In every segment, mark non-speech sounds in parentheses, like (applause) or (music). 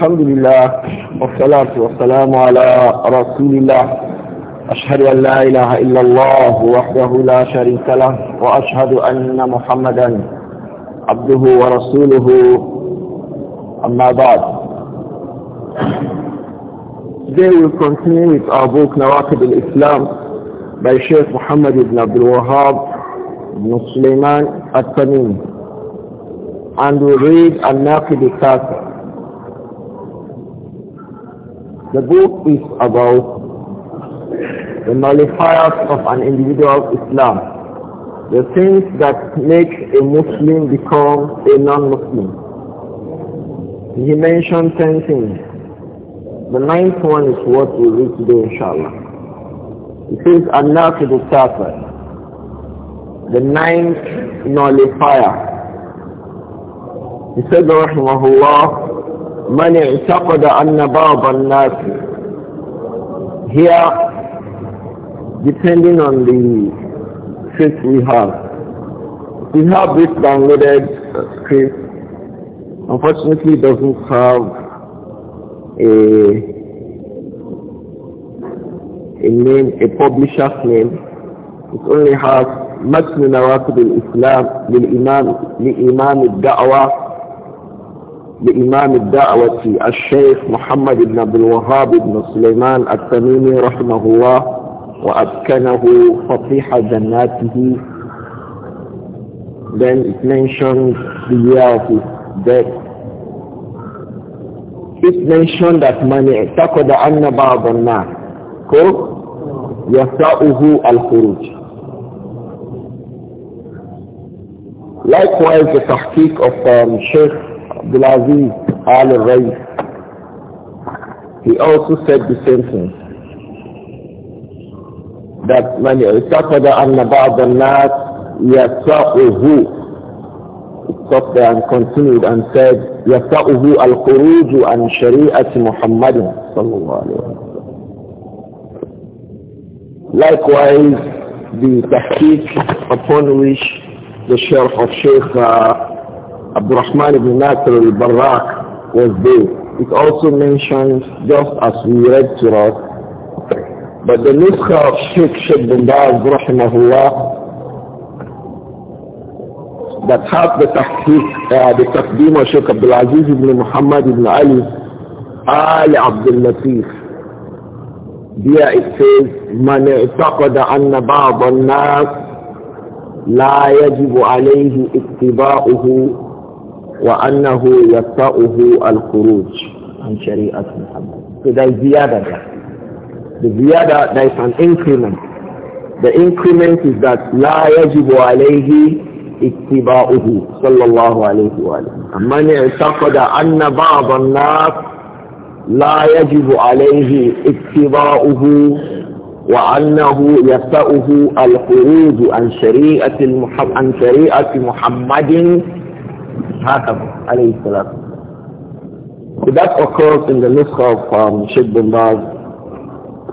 الحمد لله والصلاة والسلام على رسول الله أشهد أن لا إله إلا الله وحده لا شريك له وأشهد أن محمدا عبده ورسوله أما بعد Today we continue with our book Nawakib al-Islam by Sheikh Muhammad ibn Abdul Wahab ibn Sulaiman al-Tamim and we read Al-Naqib al-Kasir The book is about the nullifiers of an individual Islam, the things that make a Muslim become a non-Muslim. He mentioned ten things. The ninth one is what we read today, inshallah. It says, Allah to the Safar, the ninth nullifier. He said, Rahimahullah, من اعتقد أن بعض الناس here depending on the faith we have we have this downloaded script unfortunately doesn't have a a name a publisher's name it only has متن نواتب الإسلام للإمام لإمام الدعوة لإمام الدعوة الشيخ محمد بن عبد الوهاب بن سليمان التميمي رحمه الله وأبكنه فطيح جناته then it mentions the year of his death. It mentioned that من اعتقد أن بعض الناس كو يساؤه الخروج Likewise, the tahqiq of um, Sheikh Abdulaziz Al Rais. He also said the same thing. That when he you talk about the night, he stopped with who? He stopped there and continued and said, Yasa'uhu al Quruju and Shari'at Muhammadin. Likewise, the tahqiq upon which the Sheikh of Sheikh uh, Rahman ibn Nasr al-Barraq was there. It also mentions, just as we read to us, but the Nusra of Sheikh Sheikh bin Baz, rahimahullah, that had the tahqiq, uh, the taqdeem of Sheikh Abdul Aziz ibn Muhammad ibn Ali, Ali Abdul Latif. There it says, من اعتقد أن بعض الناس لا يجب عليه اتباعه وأنه يطأه الخروج عن شريعة محمد So there is ziyada there. The ziyada, there is an increment. The increment is that لا يجب عليه اتباعه صلى الله عليه وآله من اعتقد أن بعض الناس لا يجب عليه اتباعه وأنه يسأه الخروج عن شريعة, عن شريعة محمد that occurs in the Nuskha of um, Sheikh bin Baz.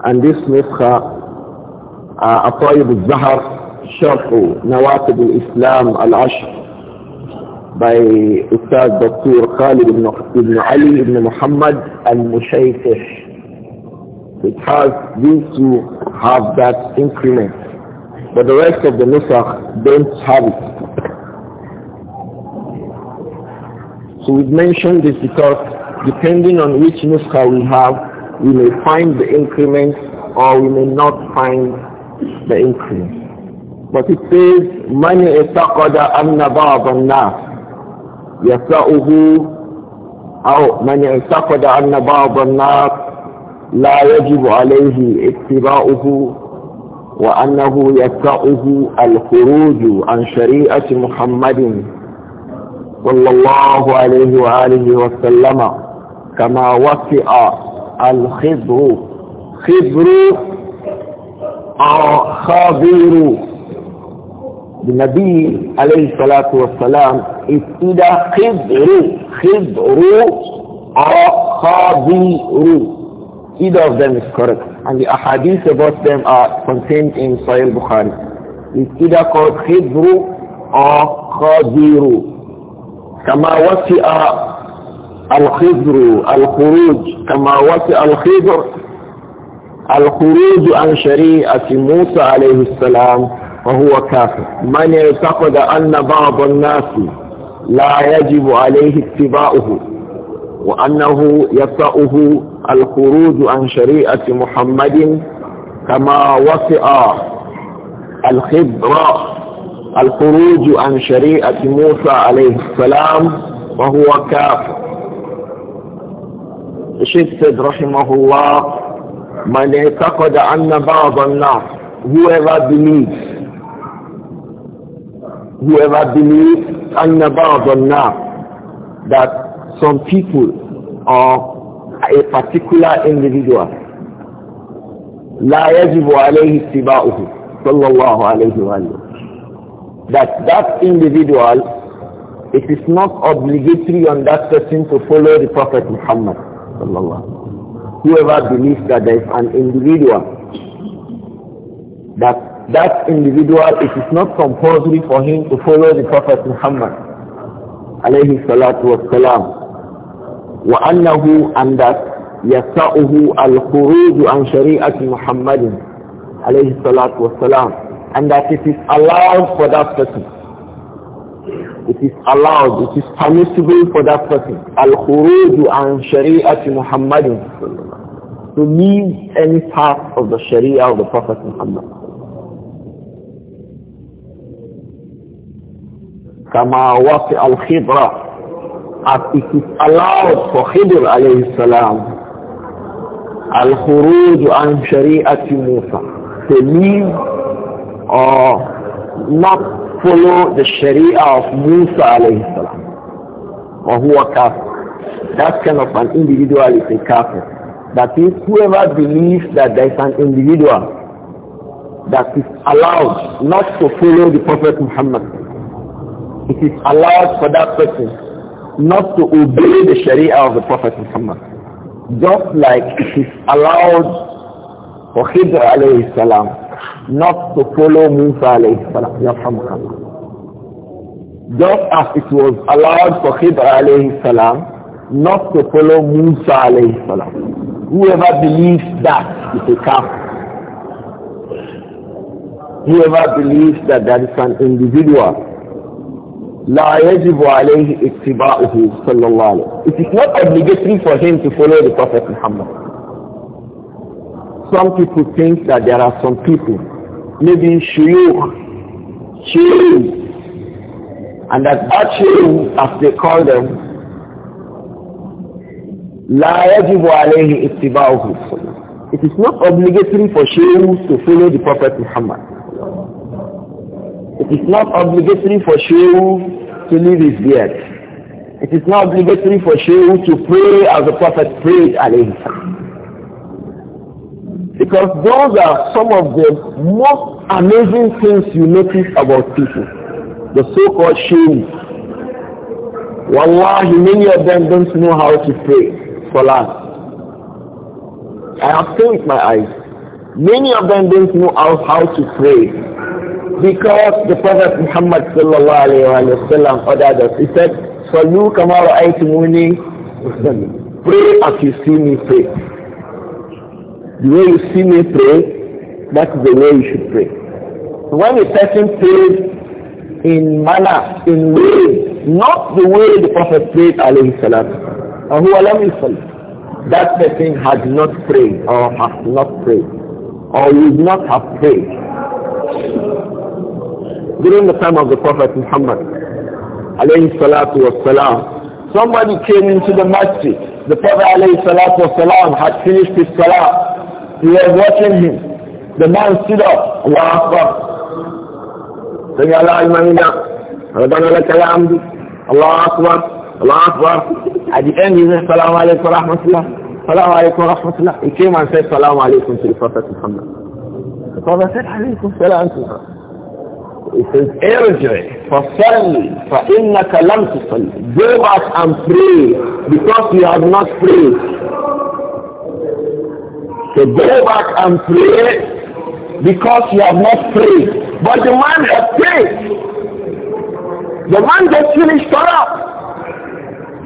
And this Nuskha, Atayyib uh, al-Zahar, Sharhu Nawatib al-Islam al-Ashr by Ustadh Dr. Khalid ibn, ibn Ali ibn Muhammad al-Mushaytish. It has these two have that increment. But the rest of the Nuskha don't have it. So we've mentioned this because depending on which nuskha we have, we may find the increment or we may not find the increment. But it says, مَنْ اعتقد أَنَّ بَعْضَ النَّاسِ يَسَأُهُ أو من اعتقد أن بعض الناس لا يجب عليه اتباعه وأنه يسأه الخروج عن شريعة محمد صلى الله عليه وآله وسلم كما وفع الخضر خضر خابير النبي عليه الصلاة والسلام wasalam is either khidru, Either of them is correct. And the ahadith about them are contained in Sahih Bukhari. It's either called khidru or Khadiru. كما وسع الخضر الخروج كما وسع الخضر الخروج عن شريعة موسى عليه السلام فهو كافر من اعتقد أن بعض الناس لا يجب عليه اتباعه وأنه يسعه الخروج عن شريعة محمد كما وسع الخضر الخروج عن شريعة موسى عليه السلام وهو كافر الشيخ said رحمه الله من اعتقد أن بعض الناس whoever believes whoever believes أن بعض الناس that some people or a particular individual لا يجب عليه اتباعه صلى الله عليه وسلم that that individual, it is not obligatory on that person to follow the Prophet Muhammad. Whoever believes that there is an individual, that that individual, it is not compulsory for him to follow the Prophet Muhammad. Alayhi salatu wasalam. وأنه أن يسعه الخروج عن شريعة محمد عليه الصلاة والسلام and that it is allowed for that person. It is allowed, it is permissible for that person. Al-Khuruju an Shari'ati Muhammadin to leave any part of the Sharia of the Prophet Muhammad. Kama wasi al-khidra as it is allowed for Khidr alayhi salam al-khuruj an shari'ati Musa to leave or not follow the Sharia of Musa alayhi salam or who are kafir. That kind of an individual is a kafir. That is, whoever believes that there is an individual that is allowed not to follow the Prophet Muhammad. It is allowed for that person not to obey the Sharia of the Prophet Muhammad. Just like it is allowed for Khidr alayhi salam not to follow Musa alayhi Just as it was allowed for Khidr alayhi salam not to follow Musa alayhi salam. Whoever believes that is a kafir. Whoever believes that that is an individual لا يجب عليه اتباعه صلى الله عليه وسلم. It is not obligatory for him to follow the Prophet Muhammad some people think that there are some people, maybe shuyukh, shuyukh, and that actually, as they call them, لا يجب عليه اتباعه It is not obligatory for shuyukh to follow the Prophet Muhammad. It is not obligatory for shuyukh to leave his beard. It is not obligatory for shuyukh to pray as the Prophet prayed alayhi salam. Because those are some of the most amazing things you notice about people. The so-called shame. Wallahi, many of them don't know how to pray for us. I have seen with my eyes. Many of them don't know how, how to pray. Because the Prophet Muhammad sallallahu alayhi wa sallam ordered us. He said, Salu kama ra'aytumuni Pray as you see me pray. The way you see me pray, that is the way you should pray. When a person prays in manner, in way, not the way the Prophet prayed, alayhi salatu, that person has not prayed or has not prayed or would not have prayed during the time of the Prophet Muhammad alayhi salatu wasalam somebody came into the masjid the Prophet alayhi salatu wasalam had finished his salah He was watching him. The man stood up. Allah Akbar. Say Allah Imamina. Rabbana laka alhamdu. Allah Akbar. Allah Akbar. At the end he said, Salaam alaykum wa rahmatullah. Salaam alaikum rahmatullah. He came and said, Salaam alaykum to the Prophet Muhammad. The Prophet said, alaikum salam to her. He says, for ارجع فصلي فإنك لم تصلي. Go back and pray because you have not prayed. to go back and pray because you have not prayed. But the man has prayed. The man just finished up.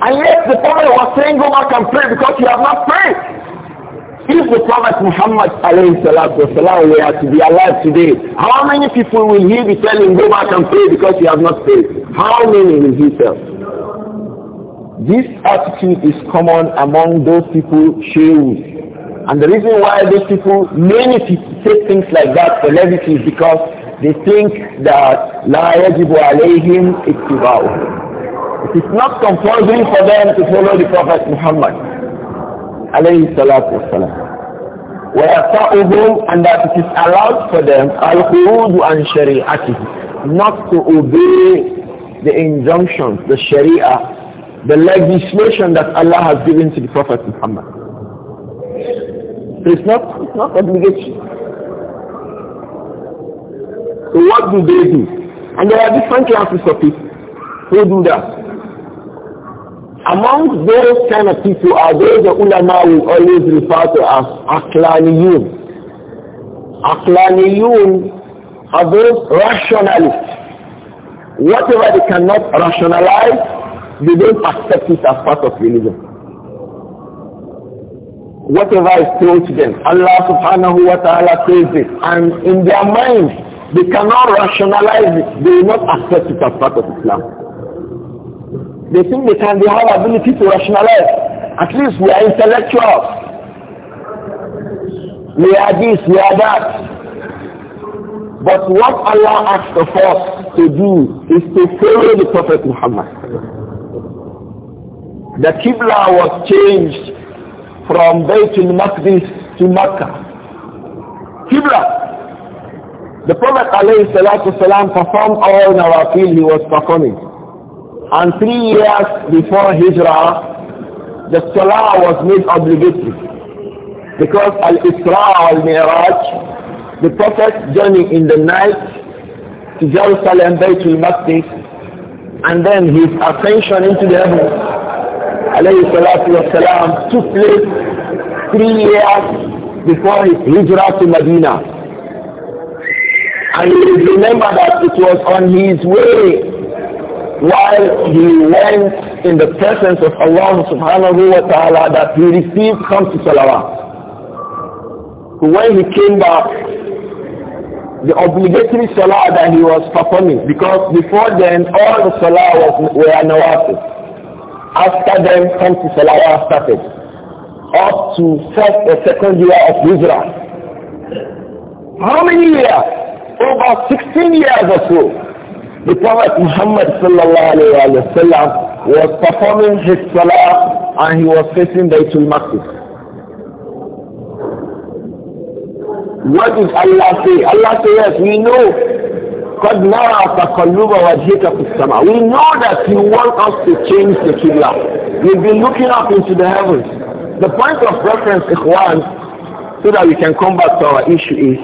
And yet the Prophet was saying go back and pray because you have not prayed. If the Prophet Muhammad والسلام, were to be alive today, how many people will he be telling go back and pray because you have not prayed? How many will he tell? This attitude is common among those people, shewus, and the reason why those people, many people say things like that, levity is because they think that la يجب alayhim اتباعه. It is not compulsory for them to follow the Prophet Muhammad عليه الصلاة والسلام. ويقطعهم and that it is allowed for them الخروج عن شريعته not to obey the injunctions, the sharia, the legislation that Allah has given to the Prophet Muhammad so it's not, it's not obligation. So what do they do? And there are different classes of people who do that. Among those kind of people are those the ulama will always refer to as aklaniyun. Aklaniyun are those rationalists. Whatever they cannot rationalize, they don't accept it as part of religion whatever is thrown to them. Allah subhanahu wa ta'ala says it. And in their mind they cannot rationalize it. They will not accept it as part of Islam. They think they can, they have ability to rationalize. At least we are intellectuals. We are this, we are that. But what Allah asks of us to do is to follow the Prophet Muhammad. The Qibla was changed from Baytul Maqdis to Mecca. Qibla. The Prophet ﷺ performed all Nawafil he was performing. And three years before Hijrah, the Salah was made obligatory. Because Al-Isra al-Mi'raj, the Prophet journeyed in the night to Jerusalem, Baytul Maqdis, and then his ascension into the heavens alayhi salatu wasalam, took place three years before his hijrah to Medina. And you remember that it was on his way while he went in the presence of Allah subhanahu wa ta'ala that he received Khamsi Salawat. When he came back, the obligatory salah that he was performing because before then all the salah was were nawafil after them come to Salawah started. Up to first or second year of Islam. How many years? Over 16 years or so. The Prophet Muhammad sallallahu was performing his Salah and he was facing Baytul Maqdis. What did Allah say? Allah says, yes, we know قَدْ نَرَى تَقَلُّبَ وَجْهِكَ فِي السَّمَاءِ We know that you want us to change the Qibla. We've been looking up into the heavens. The point of reference, Ikhwan, so that we can come back to our issue is,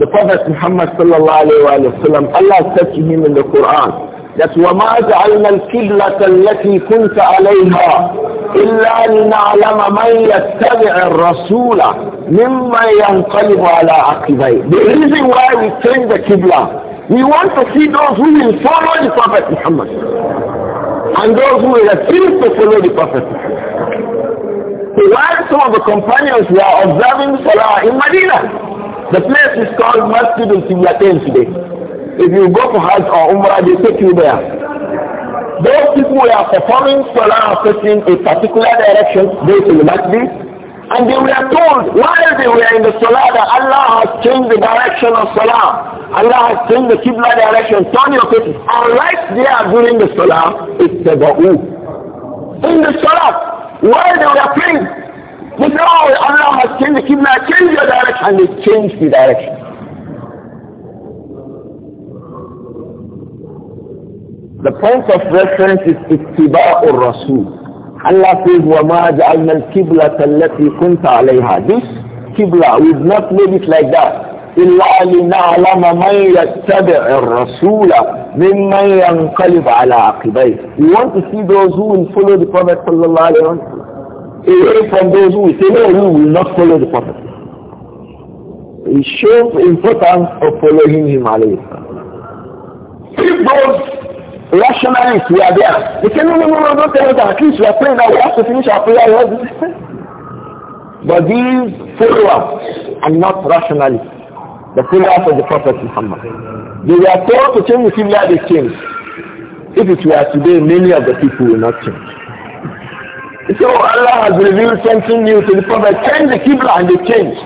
the Prophet Muhammad sallallahu alaihi wa sallam, Allah said to him in the Quran, that وَمَا جَعَلْنَا الْكِبْلَةَ الَّتِي كُنْتَ عَلَيْهَا إِلَّا لِنَعْلَمَ مَنْ يَتَّبِعِ الرَّسُولَ مما يَنْقَلِبُ عَلَىٰ عَقِبَيْهِ The reason why we change the Qibla we want to see those who will follow the Prophet Muhammad and those who will refuse to follow the Prophet So while some of the companions were observing Salah in Medina, the place is called Masjid al today. If you go to Hajj or Umrah, they take you there. Those people who are performing Salah facing a particular direction, they to the Masjid, and they were told while they were in the Salah that Allah has changed the direction of Salah. Allah has changed the Qibla direction. Turn your face. And right there during the Salah, it's the Ba'u. In the Salah, while they were praying, they said, oh, Allah has changed the Qibla, change your direction. And they changed the direction. The point of reference is Ittiba'ur Rasul. Allah says, وَمَا جَعَلْنَا الْكِبْلَةَ الَّتِي كُنْتَ عَلَيْهَا This kibla, we've not made it like that. إلا لنعلم من يتبع الرسول ممن ينقلب على عقبيه. We want to see those who will follow the Prophet صلى الله عليه وسلم. Away from those who will say, no, we will not follow the Prophet. He shows the importance of following him alayhi If those Rationalists, we are there. They say, no, no, no, no, don't tell us that. At least we are praying that we have to finish our prayer. (laughs) but these followers are not rationalists. The followers of the Prophet Muhammad. They were told to change the Qibla, they changed. If it were today, many of the people will not change. So oh, Allah has revealed something new to the Prophet. Change the Qibla and they changed.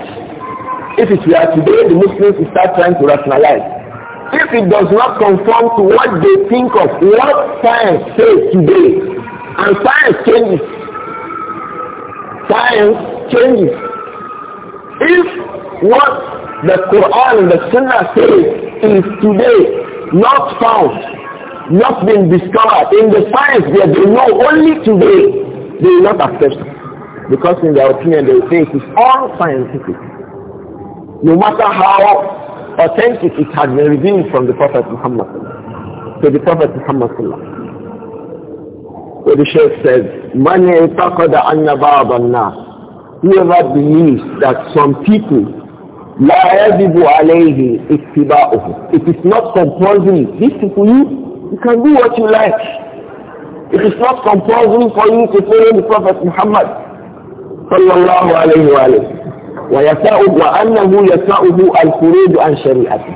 If it were today, the Muslims will start trying to rationalize. if it does not conform to what they think of what science says today and science changes science changes if what the quran the sunnah says is today not found not been discovered in the science that they know only today they will not accept it because in their opinion they will say it is all scientific no matter how authentic it had been revealed from the Prophet Muhammad to the Prophet Muhammad So the Shaykh says, مَنْ اعتقد أَنَّ بَعْضَ النَّاسِ Whoever believes that some people لا يجب عليه اتباعه It is not compulsory. These people, you, you can do what you like. It is not compulsory for you to follow the Prophet Muhammad sallallahu alayhi wa alayhi. وأنه الخروج عن شريعته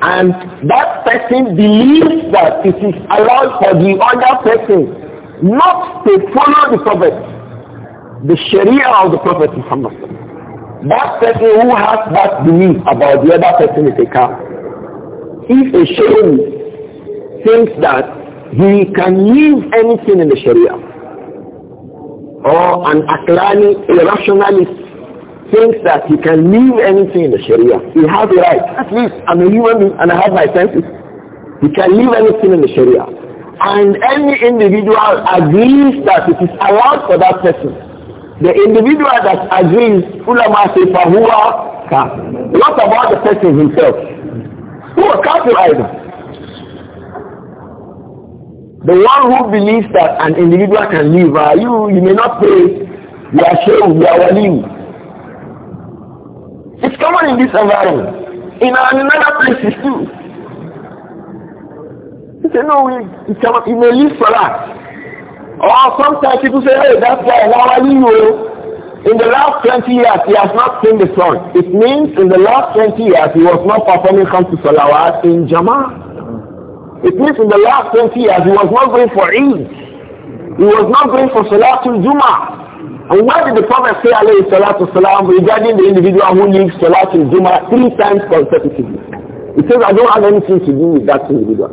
and that person believes that it is allowed for the other person not to follow the prophet the sharia of the prophet Muhammad that person who has that belief about the other person is a kafir if a shame. thinks that he can use anything in the sharia or an aqlani a thinks that he can leave anything in the Sharia. He has the right. At least I'm a human being and I have my senses. He can leave anything in the Sharia. And any individual agrees that it is allowed for that person. The individual that agrees, ulama say, fahuwa kafir. What about the person himself? Who are kafir either? The one who believes that an individual can leave, uh, you, you may not pay, you are shame, you are waliyu. It's common in this environment. In another places too. He said, no, we, it, cannot, you may leave Salah. Or sometimes people say, hey, that guy, Lawali, you in the last 20 years, he has not seen the sun. It means in the last 20 years, he was not performing Khamsu Salawat in Jama'ah. It means in the last 20 years, he was not going for Eid. He was not going for Salatul Jum'ah. And why did the Prophet say alayhi salatu salam regarding the individual who leaves Salatul Juma three times consecutively? He says, I don't have anything to do with that individual.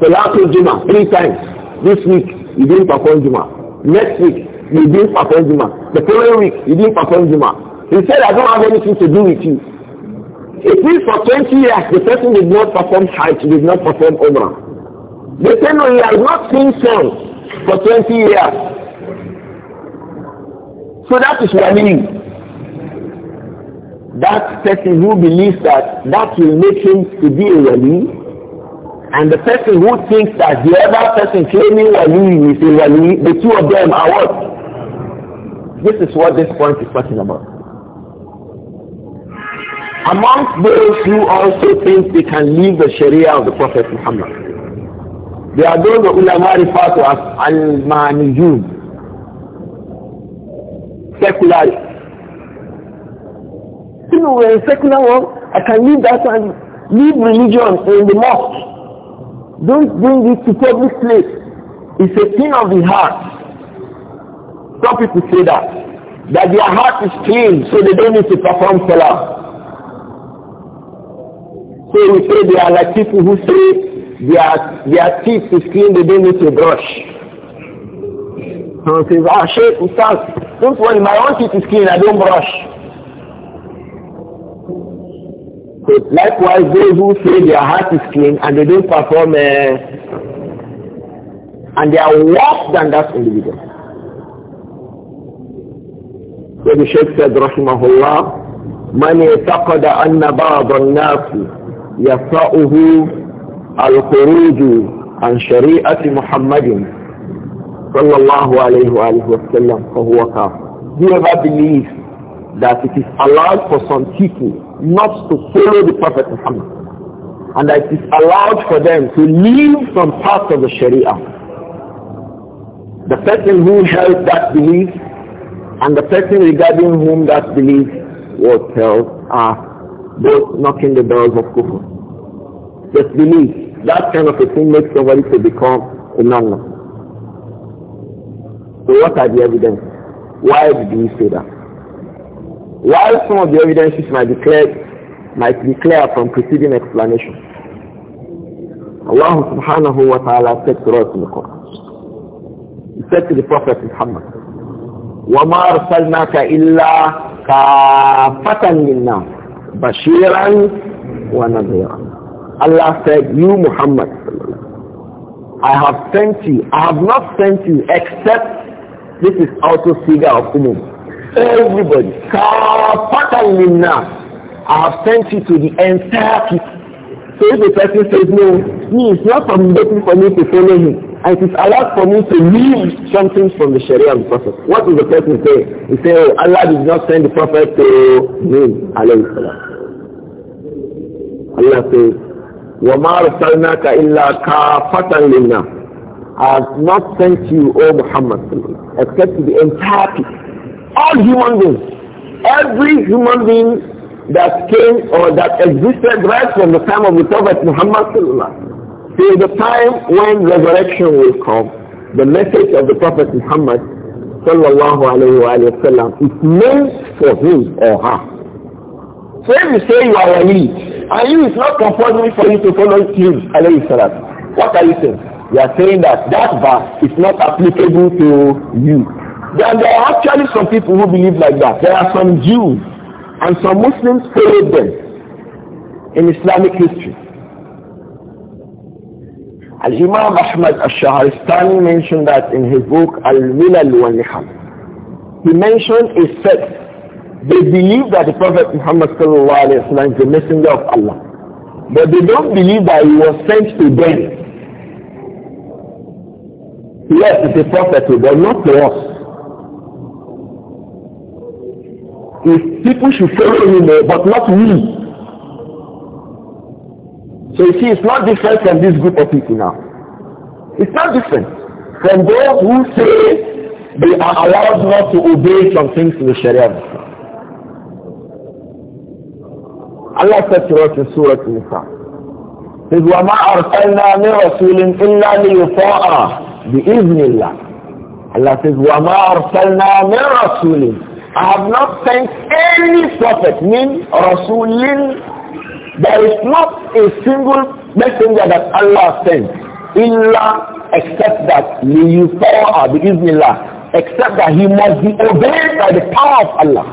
Salatul Juma three times. This week, you didn't perform Juma. Next week, you didn't perform Juma. The following week, you didn't perform Juma. He said, I don't have anything to do with you. It means for 20 years, the person did not perform Hajj, did not perform Umrah. They say, no, he has not seen sun for 20 years. So that is I mean. That person who believes that that will make him to be a wali, and the person who thinks that the other person claiming wali is a wali, the two of them are what? This is what this point is talking about. Amongst those who also think they can leave the Sharia of the Prophet Muhammad, they are those who ulama referred to as al-manijun, secular. You know, when secular world. I can leave that and leave religion in the mosque. Don't bring it to public place. It's a thing of the heart. Some people say that. That their heart is clean, so they don't need to perform salah. So we say they are like people who say their, their teeth is clean, they don't need to brush. Someone says, ah, Sheikh, Ustaz, don't worry, my own teeth is clean, I don't brush. So likewise, those who say their heart is clean and they don't perform, uh, and they are worse than that individual. So the Sheikh said, Rahimahullah, من اعتقد أن بعض الناس يسرعه الخروج عن شريعة محمد sallallahu alayhi wa alayhi wa sallam fahuwa Whoever believes that it is allowed for some people not to follow the Prophet Muhammad and that it is allowed for them to leave from parts of the Sharia. The person who held that belief and the person regarding whom that belief was held are both knocking the doors of kufr. Just belief, that kind of a thing makes somebody to become a non-Muslim. So what are the evidence? Why did we say that? While some of the evidences might be clear, might be clear from preceding explanation, Allah subhanahu wa ta'ala said to us in the Quran, He said to the Prophet Muhammad, وَمَا أَرْسَلْنَاكَ إِلَّا كَافَةً لِلنَّاسِ بَشِيرًا وَنَذِيرًا Allah said, you Muhammad, I have sent you, I have not sent you except this is also figure of umum. Everybody. I have sent you to the entire people. So if the person says no, me it's not forbidden for me to follow him. And it is allowed for me to leave something from the Sharia of the Prophet. What does the person say? He says, oh, Allah did not send the Prophet to me, alayhi salam. Allah says, وَمَا رَسَلْنَاكَ إِلَّا كَافَةً لِلنَّاسِ has not sent you, O Muhammad, except to the entire people, all human beings, every human being that came or that existed right from the time of the Prophet Muhammad till the time when resurrection will come, the message of the Prophet Muhammad sallallahu alayhi wa sallam is meant for him or her. So if you say you are a lead, and you is not compulsory for you to follow him alayhi salam, what are you saying? You are saying that that verse is not applicable to you. Then there are actually some people who believe like that. There are some Jews and some Muslims followed them in Islamic history. Al-Imam Ahmad al-Shaharistani mentioned that in his book Al-Milal wa Niham. He mentioned a sect. They believe that the Prophet Muhammad sallallahu alayhi wa sallam is the messenger of Allah. But they don't believe that he was sent to them. Yes, it's a prophecy, oh, but not to us. If people should follow him, oh, but not me. So you see, it's not different from this group of people now. It's not different from those who say they are allowed not to obey some things in the Sharia. Allah said to us in Surah Nisa, says, وَمَا أَرْسَلْنَا مِنْ رَسُولٍ إِلَّا لِيُطَاعَ The iznillah Allah says, وَمَا أَرْسَلْنَا مِنْ رَسُولٍ I have not sent any prophet, mean Rasulin. There is not a single messenger that Allah sent, illa except that liyuta'a bi-Iznillah, except that he must be obeyed by the power of Allah.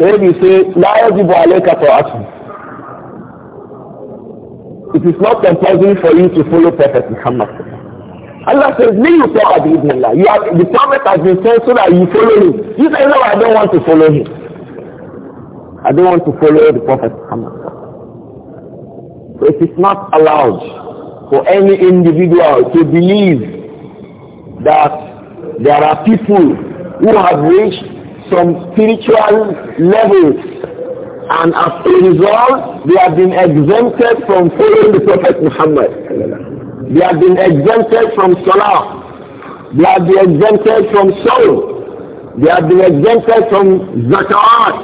Then you say, لا يجب عليك طاعته it is not compulsory for you to follow Prophet Muhammad. Allah says, "May you talk about Allah. You have, the Prophet has been sent so that you follow him. You say, no, I don't want to follow him. I don't want to follow the Prophet Muhammad. it is not allowed for any individual to believe that there are people who have reached some spiritual levels and as a result, they have been exempted from following the Prophet Muhammad. They have been exempted from Salah. They have been exempted from Saul. They have been exempted from Zakat.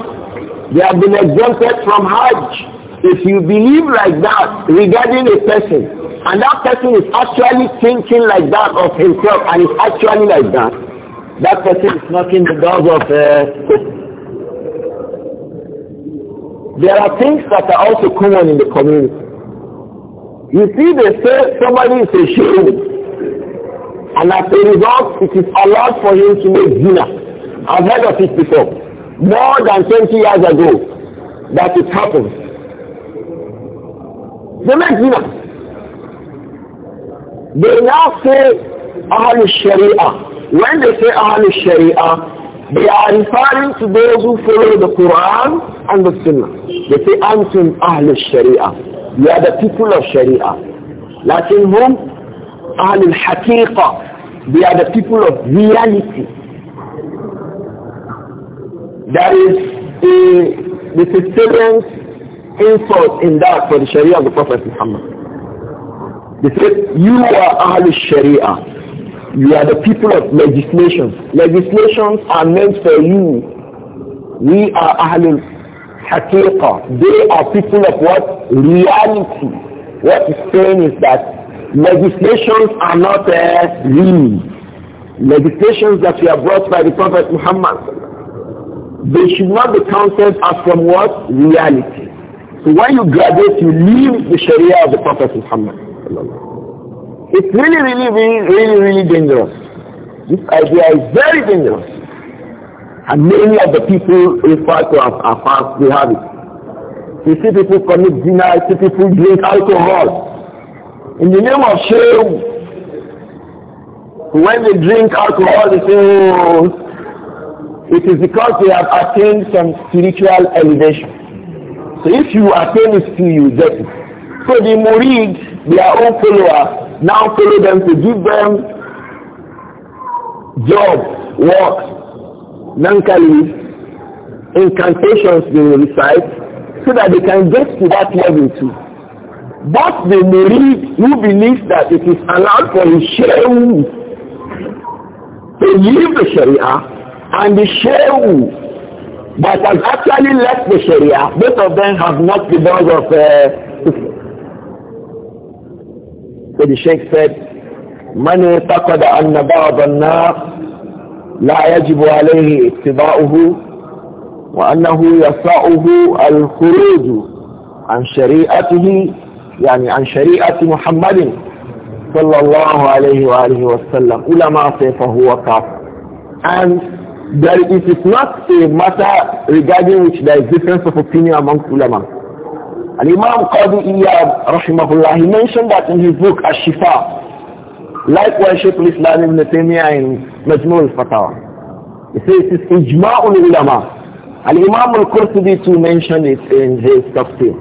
They have been exempted from Hajj. If you believe like that regarding a person, and that person is actually thinking like that of himself and is actually like that, that person is knocking the doors of uh, there are things that are also common in the community. You see, they say somebody is a sheikh, and as a result, it is allowed for him to make dinner. I've heard of it before, more than 20 years ago, that it happened. They make dinner. They now say Ahlul Sharia. When they say Ahlul Sharia, they are referring to those who follow the Quran and the Sunnah. They say, Antum Ahl Sharia. You are the people of Sharia. Lakin whom? al They are the people of reality. That is a disappearance insult in that for the Sharia of the Prophet Muhammad. They say, you are al Sharia. You are the people of legislations. Legislations are meant for you. We are Ahlul hakika. They are people of what? Reality. What is saying is that legislations are not uh, real. Legislations that we are brought by the Prophet Muhammad, they should not be counted as from what? Reality. So when you graduate, you leave the Sharia of the Prophet Muhammad. It's really, really, really, really, really dangerous. This idea is very dangerous. And many of the people refer to as fast, they have it. You see people commit dinner, you see people drink alcohol. In the name of shame, when they drink alcohol, they say, oh, it is because they have attained some spiritual elevation. So if you attain it to you, get it. So the murid, their own follower, now follow them to give them jobs, work, nankali, incantations they will recite so that they can get to that level too. But the murid who believes that it is allowed for the shehu to leave the Sharia and the shehu that has actually left the Sharia, both of them have not the bond of uh, So the Sheikh said, من اعتقد أن بعض الناس لا يجب عليه اتباعه وأنه يسعه الخروج عن شريعته يعني عن شريعة محمد صلى الله عليه وآله وسلم علماء هو كاف and there, it is not a matter regarding which there is difference of opinion among ulama Al-Imam Qadi Iyad, rahimahullah, he mentioned that in his book, Ash-Shifa. Likewise, Shaykh al-Islam ibn Taymiyyah in Majmul al-Fatawa. He says it is Ijma'ul Ulama. Al-Imam al-Qurtubi too mentioned it in his tafsir.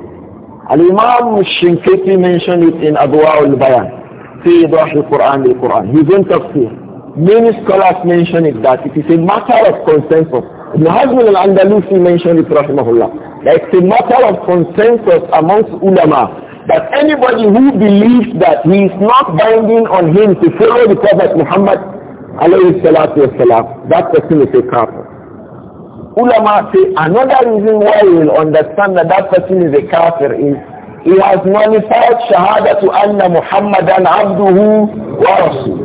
Al-Imam al mentioned it in Adwa al-Bayan. See the Quran. القرآن للقرآن. not own tafsir. Many scholars mention it that it is a matter of consensus. Muhammad Hazm al-Andalusi mentioned it, rahimahullah. That it's a matter of consensus amongst ulama that anybody who believes that he is not binding on him to follow the Prophet Muhammad, alayhi salatu wasalam, that person is a kafir. Ulama say another reason why you will understand that that person is a kafir is he has nullified shahada to anna Muhammadan abduhu wa rasul.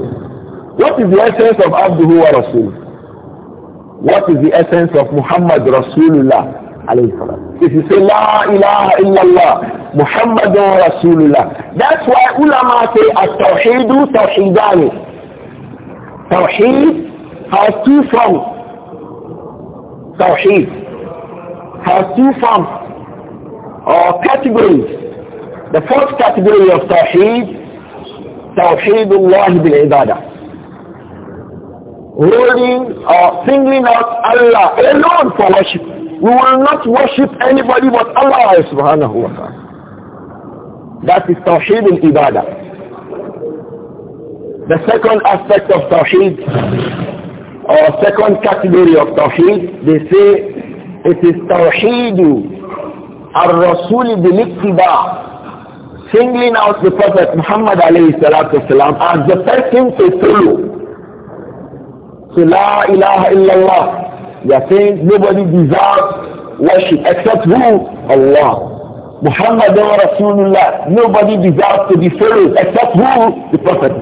What is the essence of abduhu wa rasul? What is the essence of Muhammad Rasulullah? If you say La ilaha illallah, Muhammadun Rasulullah. That's why ulama say At-Tawheedu Tawheedani. Tawheed has two forms. Tawheed has two forms or categories. The first category of Tawheed, Tawheedullah bil-Ibadah holding or singling out Allah alone for worship. We will not worship anybody but Allah subhanahu wa ta'ala. That is Tawheed al-Ibadah. The second aspect of Tawheed, or second category of Tawheed, they say it is Tawheed al-Rasul bil singling out the Prophet Muhammad alayhi salatu as the person to follow so La ilaha illallah. They are saying nobody deserves worship except who? Allah. Muhammad Rasulullah. Nobody deserves to be followed except who? The Prophet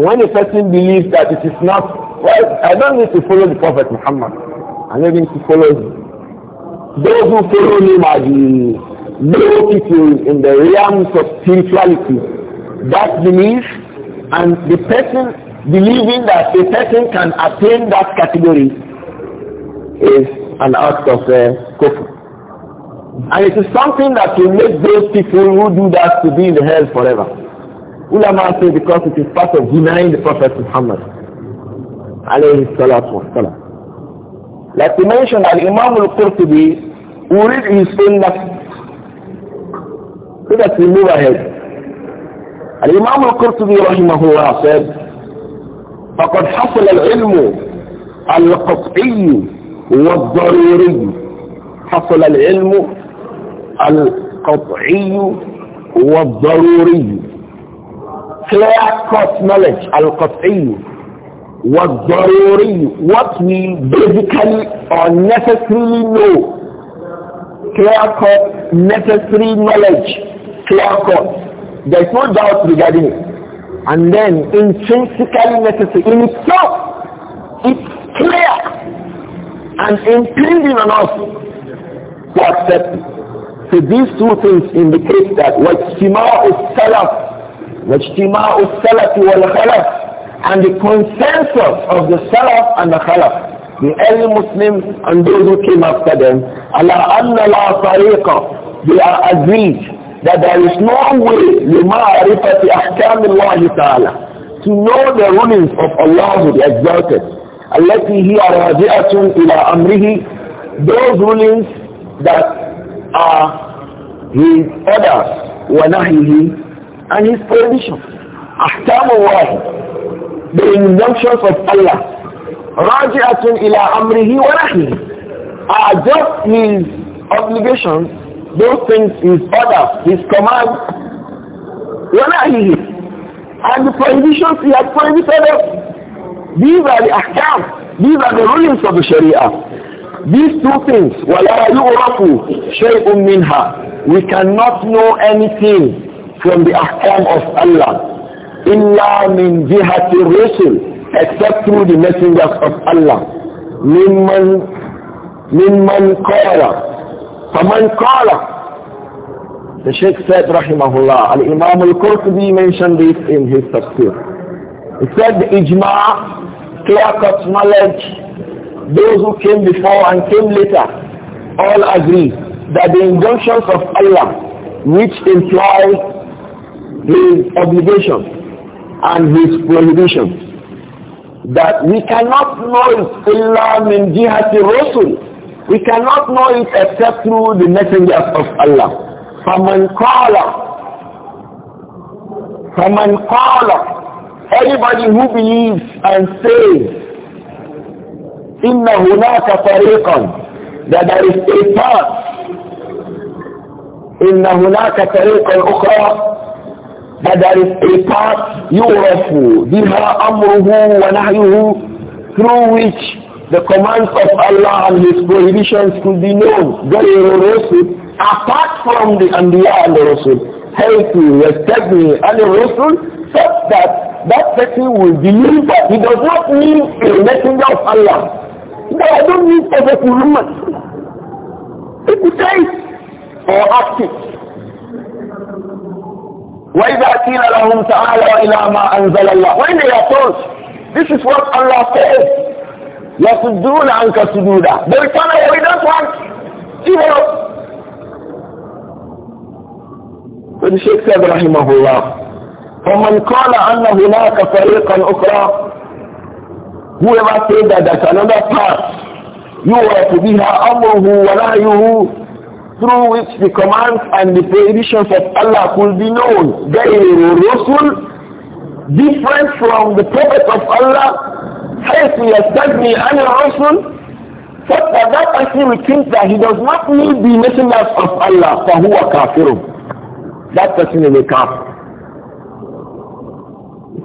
When a person believes that it is not, right, I don't need to follow the Prophet Muhammad. I don't need to follow him. Those who follow him are the low people in the realms of spirituality. That belief and the person believing that a person can attain that category is an act of uh, kufr. And it is something that will make those people who do that to be in hell forever. Ulama say because it is part of denying the Prophet Muhammad. Alayhi salatu wasalam. Like we mentioned, Al-Imam Al-Qurtubi will read his own So that we move ahead. Al-Imam Al-Qurtubi rahimahullah said, فقد حصل العلم القطعي والضروري حصل العلم القطعي والضروري clear cut knowledge القطعي والضروري what we basically or necessarily know clear cut necessary knowledge clear cut there is no doubt regarding it And then intrinsically necessary in itself, it's clear and impinging on us to accept it. So these two things indicate that واجتماع السلف واجتماع السلف والخلف and the consensus of the salaf and the khalaf the early Muslims and those who came after them, Allah anna la tariqa, they are agreed that there is no way اللَّهِ تَعَالَى To know the rulings of Allah the exalted. الَّتِي هِيَ رَاجِعَةٌ إِلَىٰ أَمْرِهِ Those rulings that are his orders وَنَهِهِ and his prohibition. أَحْكَامُ اللَّهِ The injunctions of Allah. رَاجِعَةٌ إِلَىٰ أَمْرِهِ وَنَهِهِ Are just his obligations those things is orders, his command. When are he? And the prohibitions he has prohibited us. These are the ahkam. These are the rulings of the Sharia. These two things, وَلَا يُعْرَفُ We cannot know anything from the ahkam of Allah. إِلَّا min جِهَةِ Except through the messengers of Allah. مِمَّنْ مِمَّنْ قَالَ فَمَنْ قَالَ The Sheikh said, rahimahullah, Al-Imam Al-Qurtubi mentioned this in his tafsir. He said the ijma, clear-cut knowledge, those who came before and came later, all agree that the injunctions of Allah, which imply his obligation and his prohibition, that we cannot know it illa min jihati rasul we cannot know it except through the messengers of Allah. فَمَنْ قَالَ فَمَنْ قَالَ Anybody who believes and says إِنَّ هُنَاكَ طَرِيقًا That there is a path إِنَّ هُنَاكَ طَرِيقًا أُخْرَى That there is a path يُعْرَفُ بِهَا أَمْرُهُ وَنَهْيُهُ through which the commands of Allah and His prohibitions could be known very Rasul, apart from the Anbiya and the Rasul. Helping, respecting, and the Rasul, such that that person will believe that he does not mean a messenger of Allah. No, I don't mean need the Muhammad. It is safe or active. وإذا قيل لهم تعالوا إلى ما أنزل الله when they are told this is what Allah says يصدون عنك صدودا they turn away that one evil when Sheikh said رحمه الله فمن قال أن هناك فريقا أخرى whoever said that there's another path يُعْرَفُ بِهَا أَمْرُهُ وَنَهْيُهُ through which the commands and the prohibitions of Allah could be known. They were Rasul, different from the Prophet of Allah, حيث يستغني عن الرسل فقدت أسير كنتا he does not need the messengers of Allah فهو كافر that person is a kafir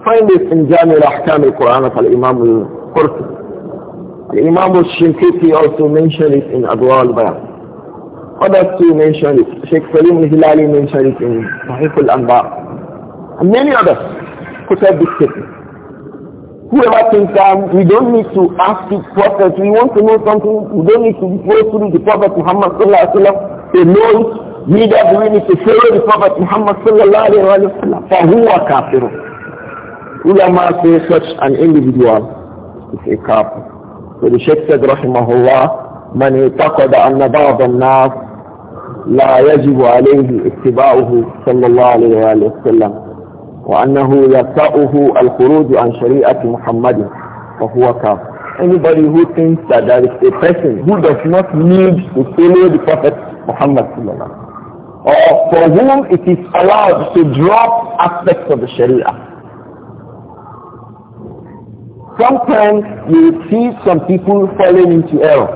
find it in جامع الأحكام القرآن فالإمام القرطي الإمام الشنكيتي also mentioned it in أدواء البيان others too mentioned it شيخ سليم الهلالي mentioned it in صحيح الأنبار and many others كتب بالكتب Whoever thinks um, we don't need to ask the prophet, we want to know something, we don't need to go through the prophet Muhammad sallallahu alaihi wasallam to know it, neither do we need to follow the prophet Muhammad sallallahu alaihi wasallam. For who are kafir? Ulama say such an individual is a kafir. So the Sheikh said, rahimahullah, من اعتقد أن بعض الناس لا يجب عليه اتباعه صلى الله عليه وآله وسلم وأنه الخروج عن محمد فهو كافر anybody who thinks that there is a person who does not need to follow the Prophet Muhammad or for whom it is allowed to drop aspects of the Sharia. Sometimes you see some people falling into error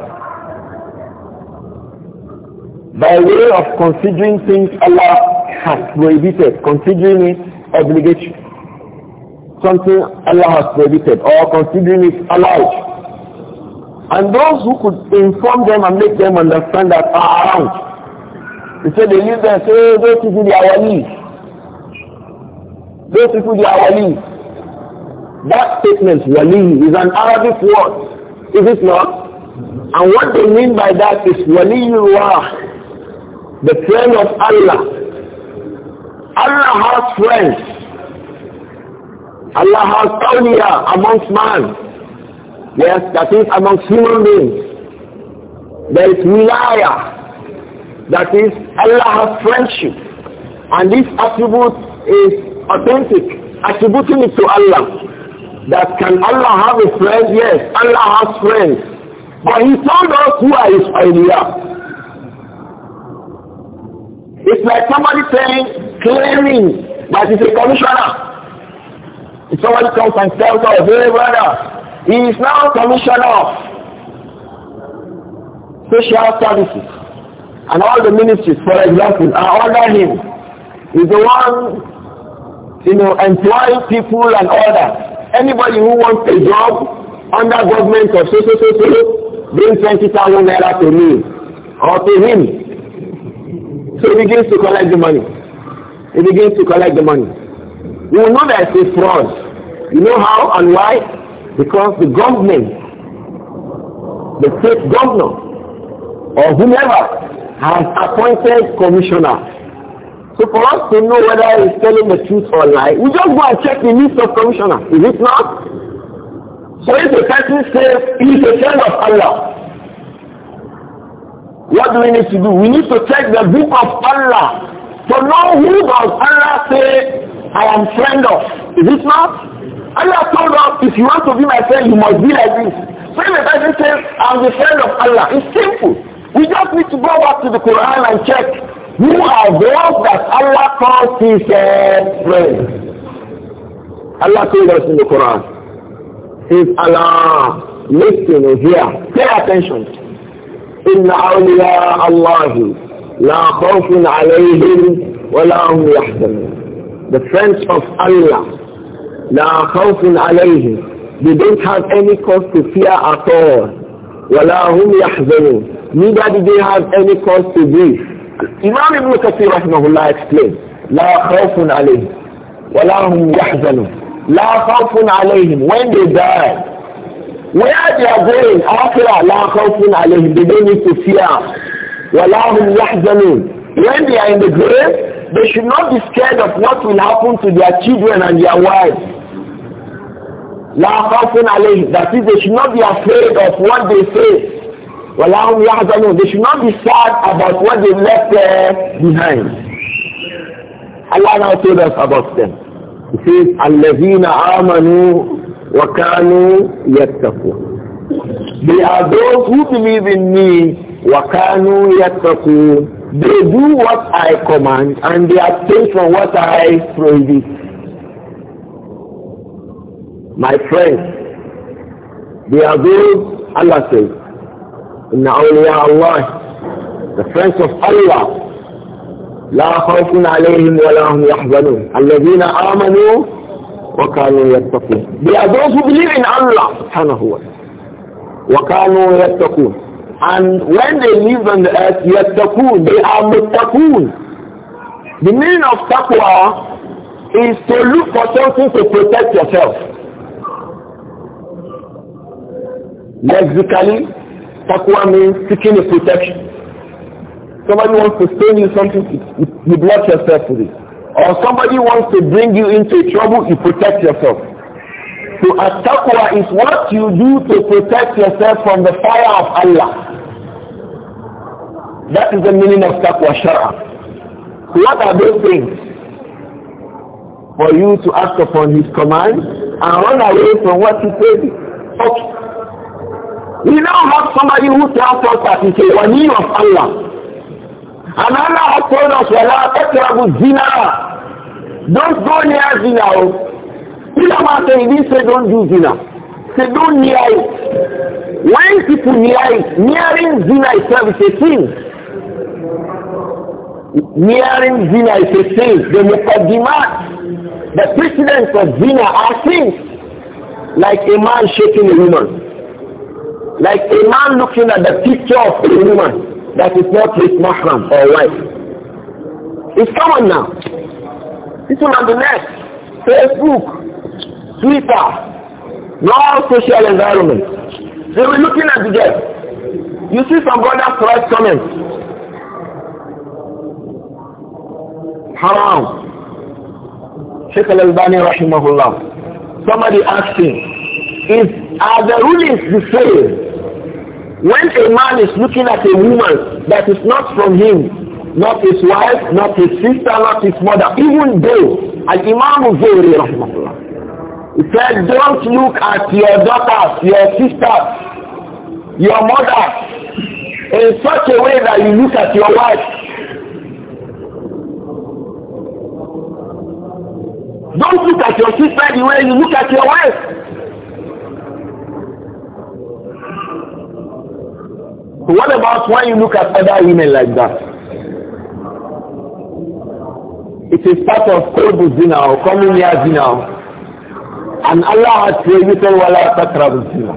by way of considering things Allah has prohibited, considering it obligation. Something Allah has prohibited or considering it allowed. And those who could inform them and make them understand that are around. He they use them and say, oh, those people they are wali. Those people they are wali. That statement, wali, is an Arabic word. Is it not? And what they mean by that is are the friend of Allah. Allah has friends. Allah has tawliya amongst man. Yes, that is amongst human beings. There is wilaya. That is, Allah has friendship. And this attribute is authentic, attributing it to Allah. That can Allah have a friend? Yes, Allah has friends. But he told us who are his awliya. It's like somebody saying, claiming that he's a commissioner. If somebody comes and tells us, hey brother, he is now commissioner of social services and all the ministries, for example, are under him. He's the one, you know, employing people and all that. Anybody who wants a job under government of so, so, so, so, bring 20,000 naira to me or to him so he begins to collect the money. He begins to collect the money. You will know that it's a fraud. You know how and why? Because the government, the state governor, or whomever has appointed commissioner. So for us to know whether he's telling the truth or lie, we just go and check the list of commissioner. Is it not? So if the person says he's a friend of Allah, what do we need to do? We need to check the book of Allah to know who does Allah say, I am friend of. Is it not? Allah told us, if you want to be my friend, you must be like this. So if the person says, I'm the friend of Allah, it's simple. We just need to go back to the Quran and check who are those that Allah calls his uh, friends. Allah told us in the Quran, says Allah, listen here, pay attention. إن أولياء الله لا خوف عليهم ولا هم يحزنون The friends of Allah لا خوف عليهم They don't have any cause to fear at all ولا هم يحزنون Neither do they have any cause to grieve Imam Ibn Kathir رحمه الله explained لا خوف عليهم ولا هم يحزنون لا خوف عليهم when they die Where they are going, Allah La Khawfun alayhim, they don't need to fear. yahzanun. When they are in the grave, they should not be scared of what will happen to their children and their wives. La Khawfun alayhim, that is, they should not be afraid of what they face. Walahum yahzanun. They should not be sad about what they left there behind. Allah now told us about them. He says, الَّذِينَ آمَنُوا Wakanu يَتَّقُونَ They are those who believe in me, Wakanu يَتَّقُونَ They do what I command and they abstain from what I prohibit. My friends, they are those, Allah says, إِنَّ أَوْلِيَاءَ Allah, The friends of Allah, لَا خَوْفٌ عَلَيْهِمْ وَلَا هُمْ يَحْزَنُونَ الَّذِينَ آمَنُوا وَكَانُوا يَتَّقُونَ They are those who believe in Allah subhanahu wa ta'ala. وَكَانُوا يَتَّقُونَ and when they live on the earth, yattaqoon, they are muttaqoon. The meaning of taqwa is to look for something to protect yourself. Lexically, taqwa means seeking a protection. Somebody wants to steal you something, you block yourself with it or somebody wants to bring you into trouble, you protect yourself. So at is what you do to protect yourself from the fire of Allah. That is the meaning of taqwa shara. What are those things? For you to act upon his command and run away from what he said. Okay. We now have somebody who tells us that he's a wali of Allah. And Allah has told us, Wala zina. Don't go near zina. Ulama say, he didn't say don't do zina. Say don't near it. When people near it, nearing zina itself is a sin. Nearing zina is a sin. The muqaddimat, the precedents of zina are sins. Like a man shaking a woman. Like a man looking at the picture of a woman that is not his mahram or wife. It's common now. People on the net, Facebook, Twitter, all social environment. They were looking at the girl. You see some brothers write comments. Haram. Sheikh al-Albani rahimahullah. Somebody asked him, is, are the rulings the same When a man is looking at a woman that is not from him, not his wife, not his sister, not his mother, even though Al-Imam Zuhri rahmatullah, he said, don't look at your daughters, your sisters, your mother in such a way that you look at your wife. Don't look at your sister the way you look at your wife. So what about when you look at other women like that? It is part of Qurbu Zina or common Zina. And Allah has created Wala Takrab Zina.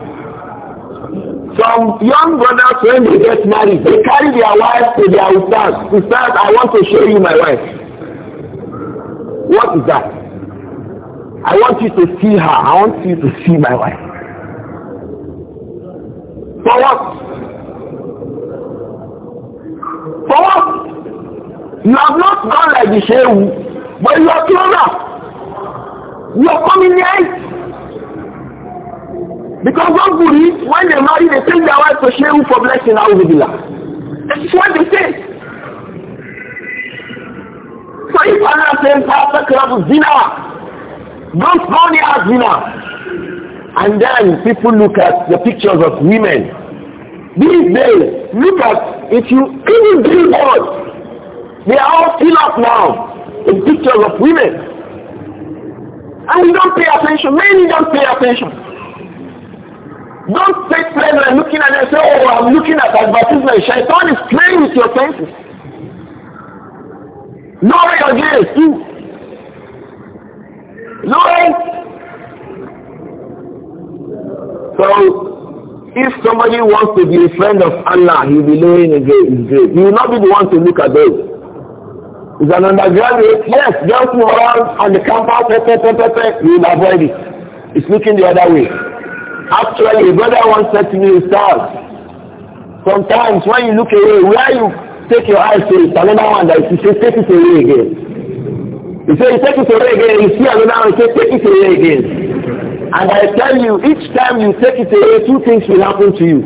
Some young brothers, when they get married, they carry their wives to their ustaz. Ustaz, I want to show you my wife. What is that? I want you to see her. I want you to see my wife. For what? For what? You have not gone like the Shehu, but you are closer. You are coming here Because good Guri, when they marry, they take their wife to Shehu for blessing, Auzubillah. This is what they say. So if Allah says, Pastor Krabu Zina, don't throw the zina. And then people look at the pictures of women These days, look at, if you even bring God, they are all filled up now with pictures of women. And you don't pay attention. Many don't pay attention. Don't take pleasure in looking at it and say, oh, I'm looking at advertisement. Shaitan is playing with your senses. Lower your gaze too. Lower. So If somebody wants to be a friend of Allah, he'll be laying his grave. He will not be the one to look at those. He's an undergraduate. Yes, just move around on the campus, pepe, pepe, pepe, you will avoid it. It's looking the other way. Actually, a brother once said to me, Ustaz, sometimes when you look away where you take your eyes to it's another one that you say take it away again you say you take it away again you see another one you say take it away again And I tell you, each time you take it away, two things will happen to you.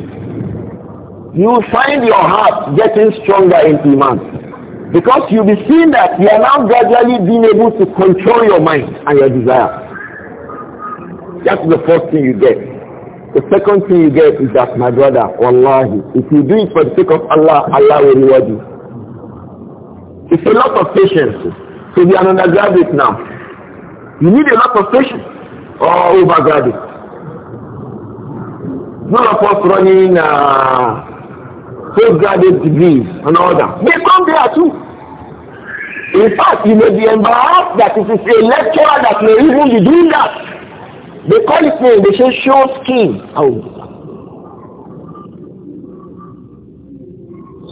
You will find your heart getting stronger in Iman. Because you'll be seeing that you are now gradually being able to control your mind and your desire. That's the first thing you get. The second thing you get is that, my brother, wallahi, if you do it for the sake of Allah, Allah will reward you. It's a lot of patience. So be an undergraduate now. You need a lot of patience. or overcrowding. None of us running uh, postgraduate degrees and all that. They come there too. In fact, you may be embarrassed that it is a lecturer that may even be doing that. They call it name, they say show skin. Oh.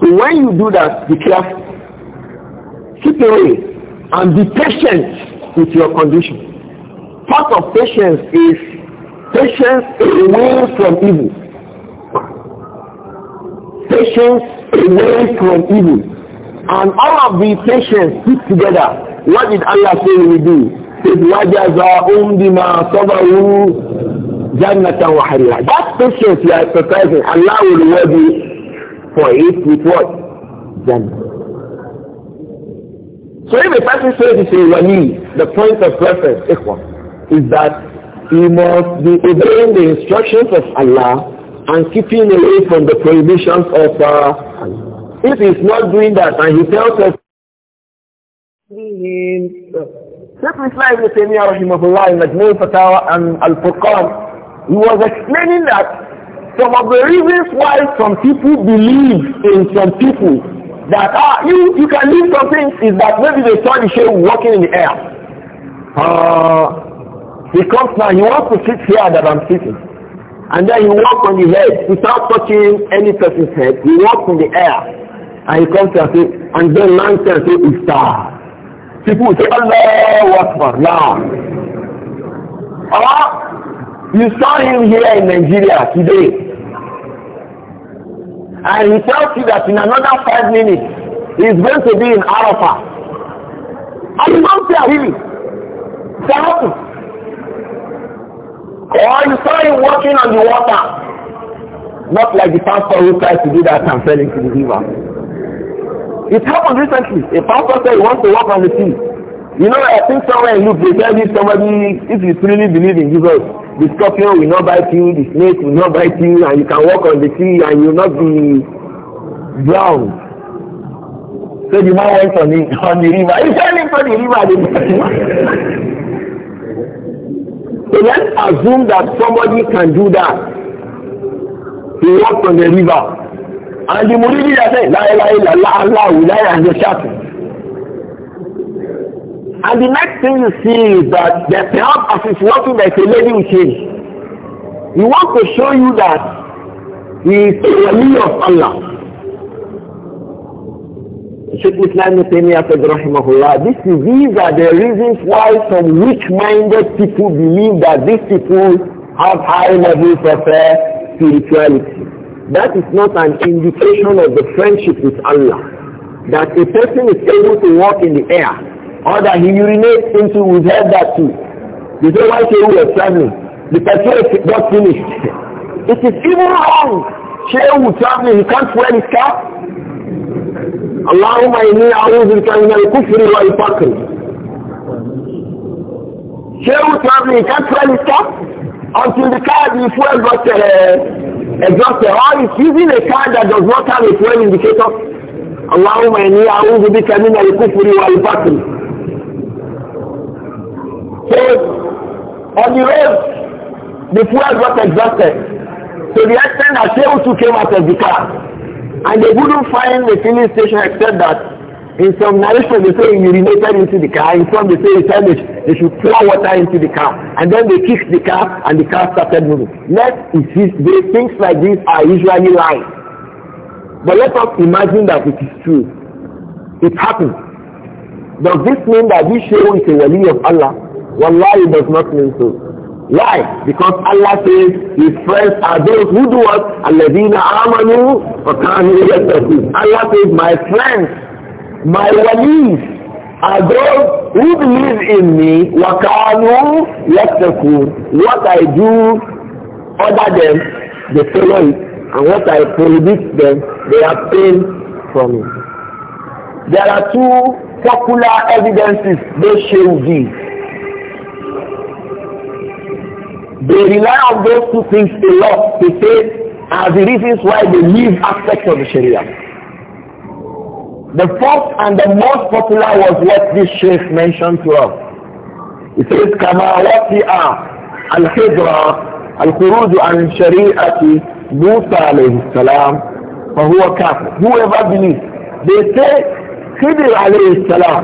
So when you do that, be careful. Keep away and be patient with your condition. part of patience is patience away from evil. Patience away from evil. And all of the patience put together, what did Allah say we do? وَجَزَاهُمْ بِمَا صَبَرُوا جَنَّةً وَحَرِيرًا That patience you are exercising, Allah will reward you for it with what? Jannah. So if a person says he's a wali, the point of reference, ikhwan, is that he must be obeying the instructions of Allah and keeping away from the prohibitions of uh, Allah. if he's not doing that and he tells us Sheikh Islam Ibn Taymiyyah rahimahullah in Majmul Fatawa and Al-Furqan, he was explaining that some of the reasons why some people believe in some people that ah, you, you can do some things is that maybe they saw the shape walking in the air. Uh, he comes now, he wants to sit here that I'm sitting. And then he walks on the head without touching any person's head. He walks in the air. And he comes and says, and then man says, Iftar. People will say, what for? now. Allah, you saw him here in Nigeria today. And he tells you that in another five minutes, he's going to be in Arafah. And you don't say, really. It's happened. Or you saw him walking on the water. Not like the pastor who tried to do that and fell into the river. It happened recently. A pastor said he wants to walk on the sea. You know, I think somewhere in Luke, they tell you somebody, if you truly believe in Jesus, the scorpion will not bite you, the snake will not bite you, and you can walk on the sea and you will not be drowned. So the man went on the, on the river. He fell into the river. So let's assume that somebody can do that. He walks on the river. And the Muridi are saying, La ilaha illallah, Allahu la and the shouting. And the next thing you see is that the perhaps as it's walking like a lady with him. He wants to show you that he is the wali of Allah. Sheikh Islam Taymiyyah Rahimahullah, this, these are the reasons why some weak-minded people believe that these people have high levels of uh, spirituality. That is not an indication of the friendship with Allah. That a person is able to walk in the air, or that he urinates into his head that too. You say, why say we are traveling? The petrol is not finished. (laughs) it is even wrong. will travel. he can't wear his cap. اللهم إني a'udhuka min al-kufri wal faqr. Ṣéwù tó ń rìn kẹ́kẹ́rẹ́ tọ́ until the card is well got uh, eh, exhausted or it's using a card that does not have a fuel So on the road, the fuel got exhausted. So the accident that Shehu came out of the car. And they wouldn't find the filling station except that in some narration they say he urinated into the car, in some they say he said they, they should pour water into the car. And then they kicked the car and the car started moving. Let it is they, things like these are usually lies. But let us imagine that it is true. It happened. Does this mean that this show is a wali of Allah? Wallahi does not mean so. Why? Because Allah says His friends are those who do what? Alladina amanu fakanu Allah says, my friends, my walis are those who believe in me wakanu yattaku. What I do other than the follow and what I prohibit them, they abstain from me." There are two popular evidences they show give. They rely on those two things a lot to say as the reasons why they leave aspects of the Sharia. The first and the most popular was what this sheikh mentioned to us. He says, كما وطئ al الخروج عن شريعة موسى عليه السلام فهو كافر whoever believes they say خضر عليه السلام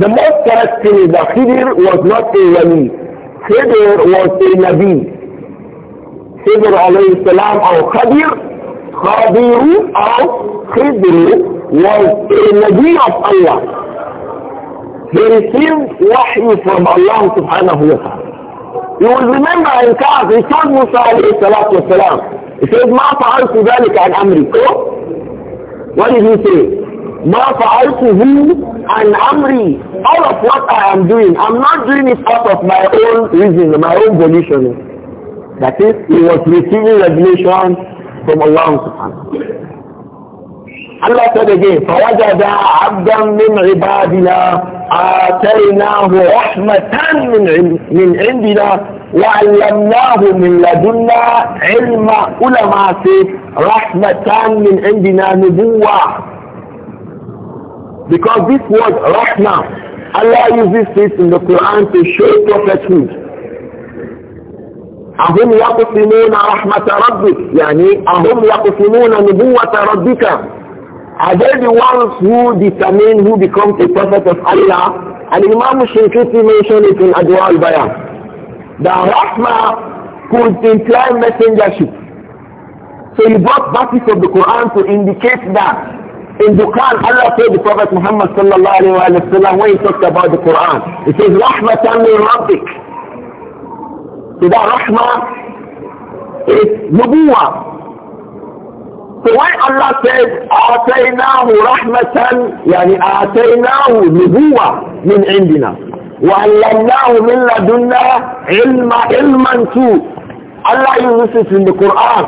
the most correct thing is that خضر was not a wali خضر والنبي خضر عليه السلام او خضر خضر او خضر والنبي اب الله بيرسل وحي فرم الله سبحانه وتعالى يقول بمنبع ان كعب يسود موسى عليه الصلاة والسلام يسود ما فعلت ذلك عن امري كو ولي بيسود ما فعلته عن أمري all of what I am doing I'm not doing it out of my own reason my own volition that is he was receiving revelation from Allah subhanahu Allah said again فوجد عبدا من عبادنا آتيناه رحمة من من عندنا وعلمناه من لدنا علما علماء رحمة من عندنا نبوة Because this word rahmah, Allah uses this in the Quran to show prophethood. أهم يقسمون رحمة ربك يعني أهم يقسمون نبوة ربك Are they the ones who determine who becomes a prophet of Allah? And Imam Shinkiti mentioned it in Adwa al-Bayan. The Rahmah could imply messengership. So he brought verses of the Quran to indicate that In the Quran, Allah said the Prophet Muhammad sallallahu alayhi wa sallam when he talked about the Quran, He says, Rahmatan min Rabbik. So that Rahma is Nubuwa. So why Allah says, آتيناه رحمة يعني آتيناه نبوة من عندنا وعلمناه من لدنا علم علما too Allah uses in the Quran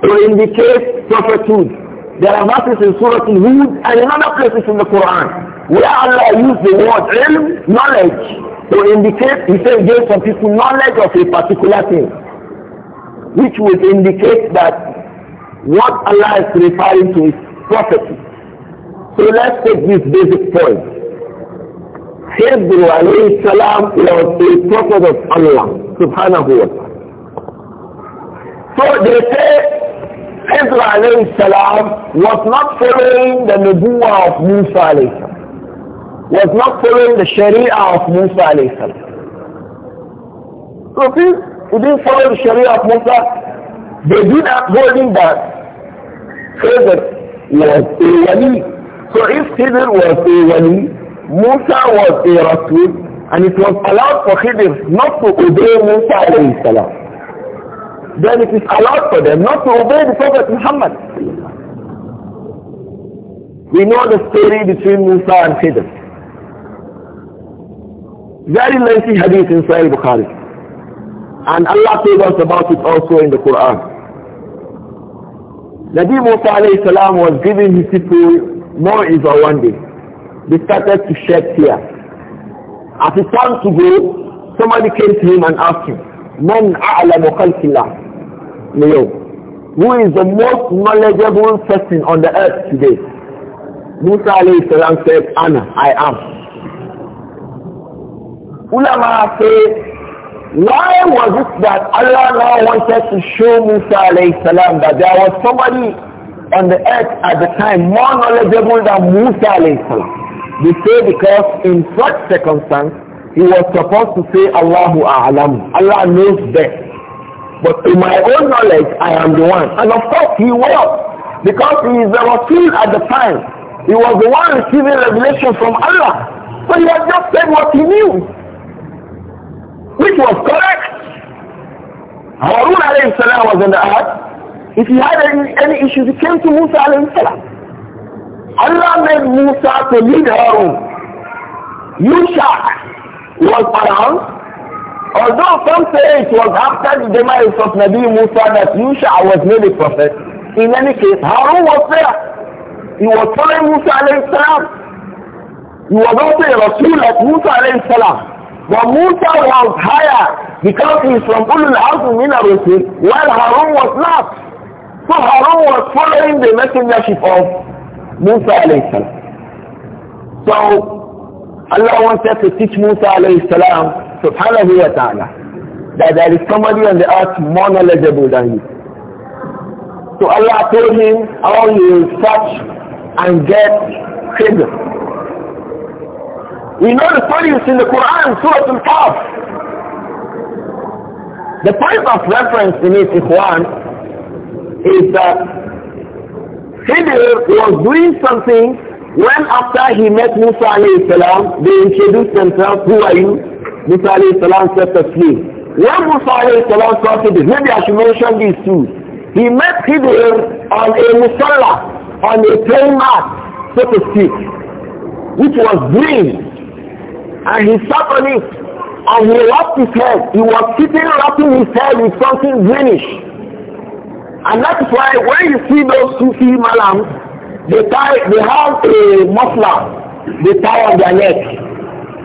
to indicate prophethood There are verses in Surah Al-Hud and in other places in the Quran where Allah used the word ilm, knowledge, to indicate, He said, gave some people knowledge of a particular thing, which would indicate that what Allah is referring to is prophecy. So let's take this basic point. Hebrew alayhi salam was a prophet of Allah subhanahu wa ta'ala. So they say Isra alayhi salam was not following the nubuwa of Musa alayhi salam, was not following the sharia of Musa alayhi salam. So since he didn't follow the sharia of Musa, they did not him that Khidr was a wali. So if Khidr was a wali, Musa was a Rasul, and it was allowed for Khidr not to obey Musa alayhi salam then it is allowed for them not to obey the Prophet Muhammad. We know the story between Musa and Khidr. Very lengthy hadith in Sahih Bukhari. And Allah told us about it also in the Quran. Nabi Musa alayhi was giving his people more is one day. They started to shed tears. As he turned to go, somebody came to him and asked him, من أعلم خلق الله who is the most knowledgeable person on the earth today. Musa alayhi salam said, Anna, I am. Ulama say, why was it that Allah now wanted to show Musa alayhi salam that there was somebody on the earth at the time more knowledgeable than Musa alayhi salam? They say because in such circumstance, he was supposed to say Allahu A'lam. Allah knows best. But to my own knowledge, I am the one. And of course, he was. Because he is the Rasul at the time. He was the one receiving revelation from Allah. So he had just said what he knew. Which was correct. Harun alayhi salam was on the earth. If he had any, any issues, he came to Musa alayhi salam. Allah made Musa to lead Harun. Yusha was around Although some say it was after the demise of Nabi Musa that Yusha was made a prophet, in any case, Harun was there. He was following Musa alayhi salam. He was also a Rasul of Musa alayhi salam. But Musa was higher because he is from Ulul Azm min al-Rasul, while Harun was not. So Harun was following the messengership of Musa alayhi salam. So Allah wanted to teach Musa alayhi salam subhanahu wa ta'ala that there is somebody on the earth more knowledgeable than you. So Allah told him how you will search and get favor. We know the story is in the Quran, Surah Al-Kaf. The point of reference in it, Ikhwan, is that Khidr was doing something when after he met Musa they introduced themselves, who are you? Musa alayhi salam set a slave. When Musa alayhi salam saw this, maybe I should mention this too. He met Ibrahim on a musalla, on a plain mat, so to speak, which was green. And he sat on it, and he wrapped his head. He was sitting wrapping his head with something greenish. And that's why when you see those Sufi malams, they tie, they have a muffler, they tie on their neck.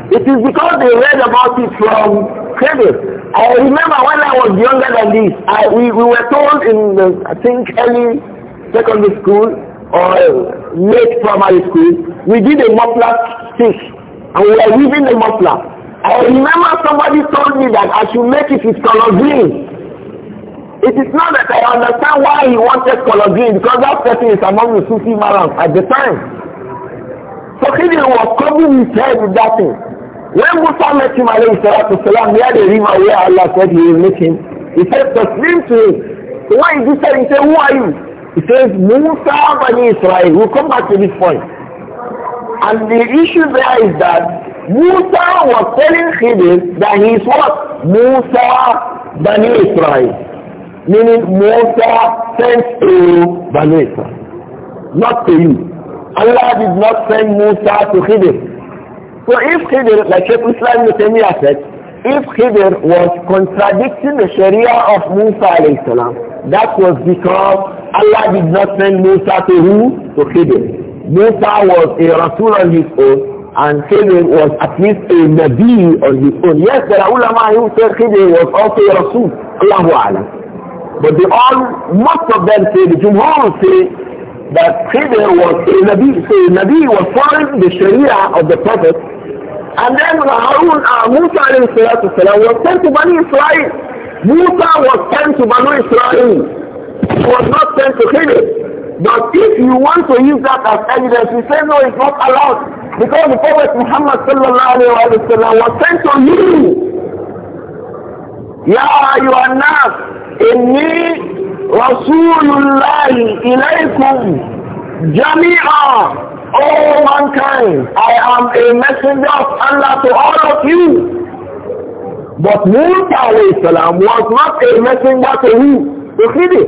It is because they read about it from credit. I remember when I was younger than this, I, we, we were told in, the, I think, early secondary school or late primary school, we did a muffler stick and we were weaving the muffler. I remember somebody told me that I should make it with color green. It is not that I understand why he wanted color green because that person is among the Sufi Marans at the time. So he was covering his head with that thing. When Musa met him, alayhi salatu salam, he the a where Allah said he will meet him. He said, Taslim to him. So when he said, he said, who are you? He says, Musa Bani Israel. We'll come back to this point. And the issue there is that Musa was telling Khidr that he is what? Musa Bani Israel. Meaning Musa sent to Bani Israel. Not to you. Allah did not send Musa to Khidr. So if Khidr, like Sheikh Islam Mutemiyah said, if Khidr was contradicting the Sharia of Musa alayhi salam, that was because Allah did not send Musa to who? To Khidr. Musa was a Rasul on his own and Khidr was at least a Nabi on his own. Yes, there are ulama who say Khidr was also a Rasul. Allahu Alam. But they all, most of them say, the Jumhur say, that Khidr was a Nabi, so a Nabi was following the Sharia of the Prophet and then Harun, uh, Musa alayhi salam was sent to Bani Israel. Musa was sent to Bani Israel. He was not sent to Khidr. But if you want to use that as evidence, you say no, it's not allowed. Because the Prophet Muhammad sallallahu alayhi wa sallam was sent to you. Ya ayyuhan nas, inni rasulullahi ilaykum Jamirah." all mankind, I am a messenger of Allah to all of you. But Musa salam was not a messenger to who? To Khidr.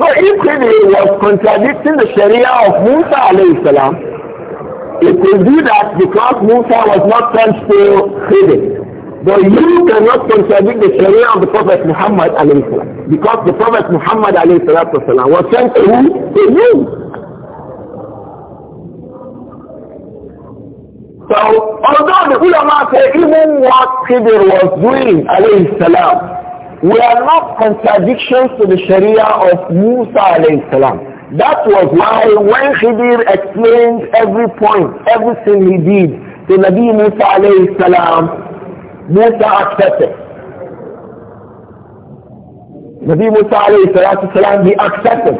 So if Khidir was contradicting the Sharia of Musa salam, it will do that because Musa was not sent to Khidir. But you cannot contradict the Sharia of the Prophet Muhammad because the Prophet Muhammad salam was sent to who? To you. So although the ulama say even what Khidr was doing, alayhi salam, are not contradictions to the Sharia of Musa alayhi salam. That was why when Khidr explained every point, everything he did to Nabi Musa alayhi salam, Musa accepted. Nabi Musa alayhi salam, he accepted.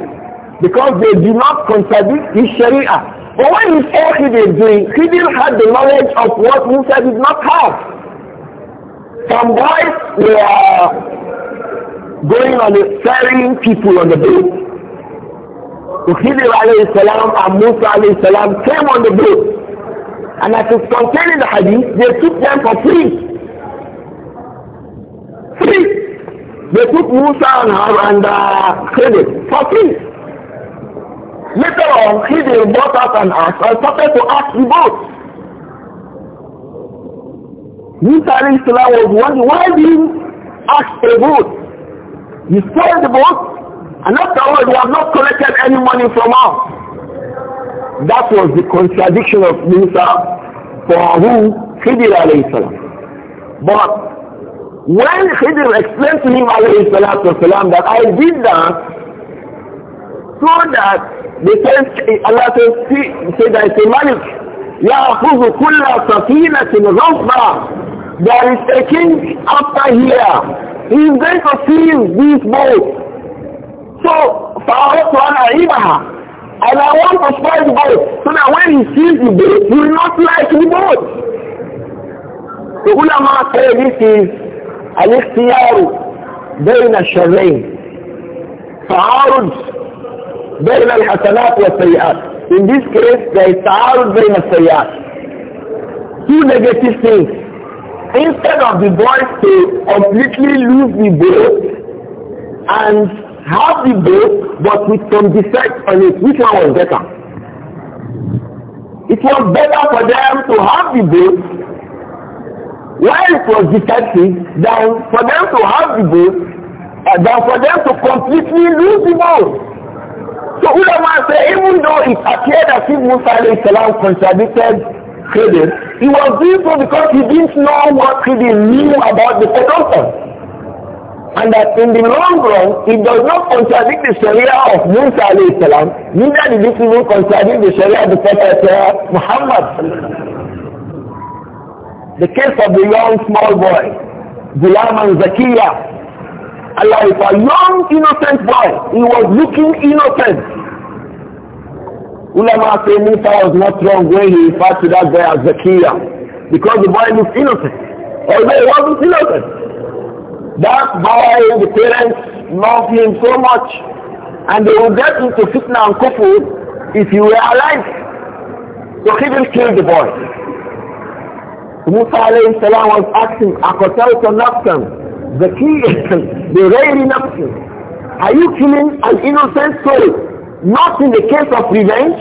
Because they do not contradict his Sharia. But what is all Khidir doing? didn't have the knowledge of what Musa did not have. Some boys were going on the ferrying people on the boat. So Khidir alayhi salam and Musa alayhi salam came on the boat. And as is contained in the hadith, they took them for free. Free. They took Musa and, her and uh, Khidir for free. Later on, he they brought out an axe and started to ask the boat. Musa Islam was wondering, why did you ask a boat? You stole the boat, and afterwards you have not collected any money from us. That was the contradiction of Musa for who Khidir alayhi salam. But when Khidir explained to him alayhi salatu that I did that so that the says, Allah says, see, say that it's a malik. يَأْخُذُ كُلَّ سَفِينَةٍ غَصْبًا There is a king after here. He is going to seize these boats. So, فَأَرَدْتُ أَنْ أَعِيبَهَا And I want to spoil the boat, so that when he sees the boat, he will not like the boat. The ulama say this is al-ikhtiyar بين الشرين. تعارض بين الحسنات والسيئات in this case there is تعارض بين السيئات two negative things instead of the boys to completely lose the boat and have the boat but with some defect on it which one was better it was better for them to have the boat while it was defective than for them to have the boat uh, than for them to completely lose the boat so Ulama say, even though it appeared as if Musa salam contradicted Khidr, he was doing so because he didn't know what Khidr knew about the circumstance. And that in the long run, it does not contradict the Sharia of Musa salam, neither did it even contradict the Sharia of the Prophet uh, Muhammad. The case of the young small boy, Ghulam and Zakiyah, Allah a young innocent boy. He was looking innocent. Ulama say Musa was not wrong when he referred to that boy as Zakiyah because the boy looked innocent. Although he wasn't innocent. That boy, the parents loved him so much and they will get into fitna and kufu if he were alive. So he will kill the boy. Musa alayhi salam was asking, Akotel to Nafsan, the key is the very Are you killing an innocent soul? Not in the case of revenge?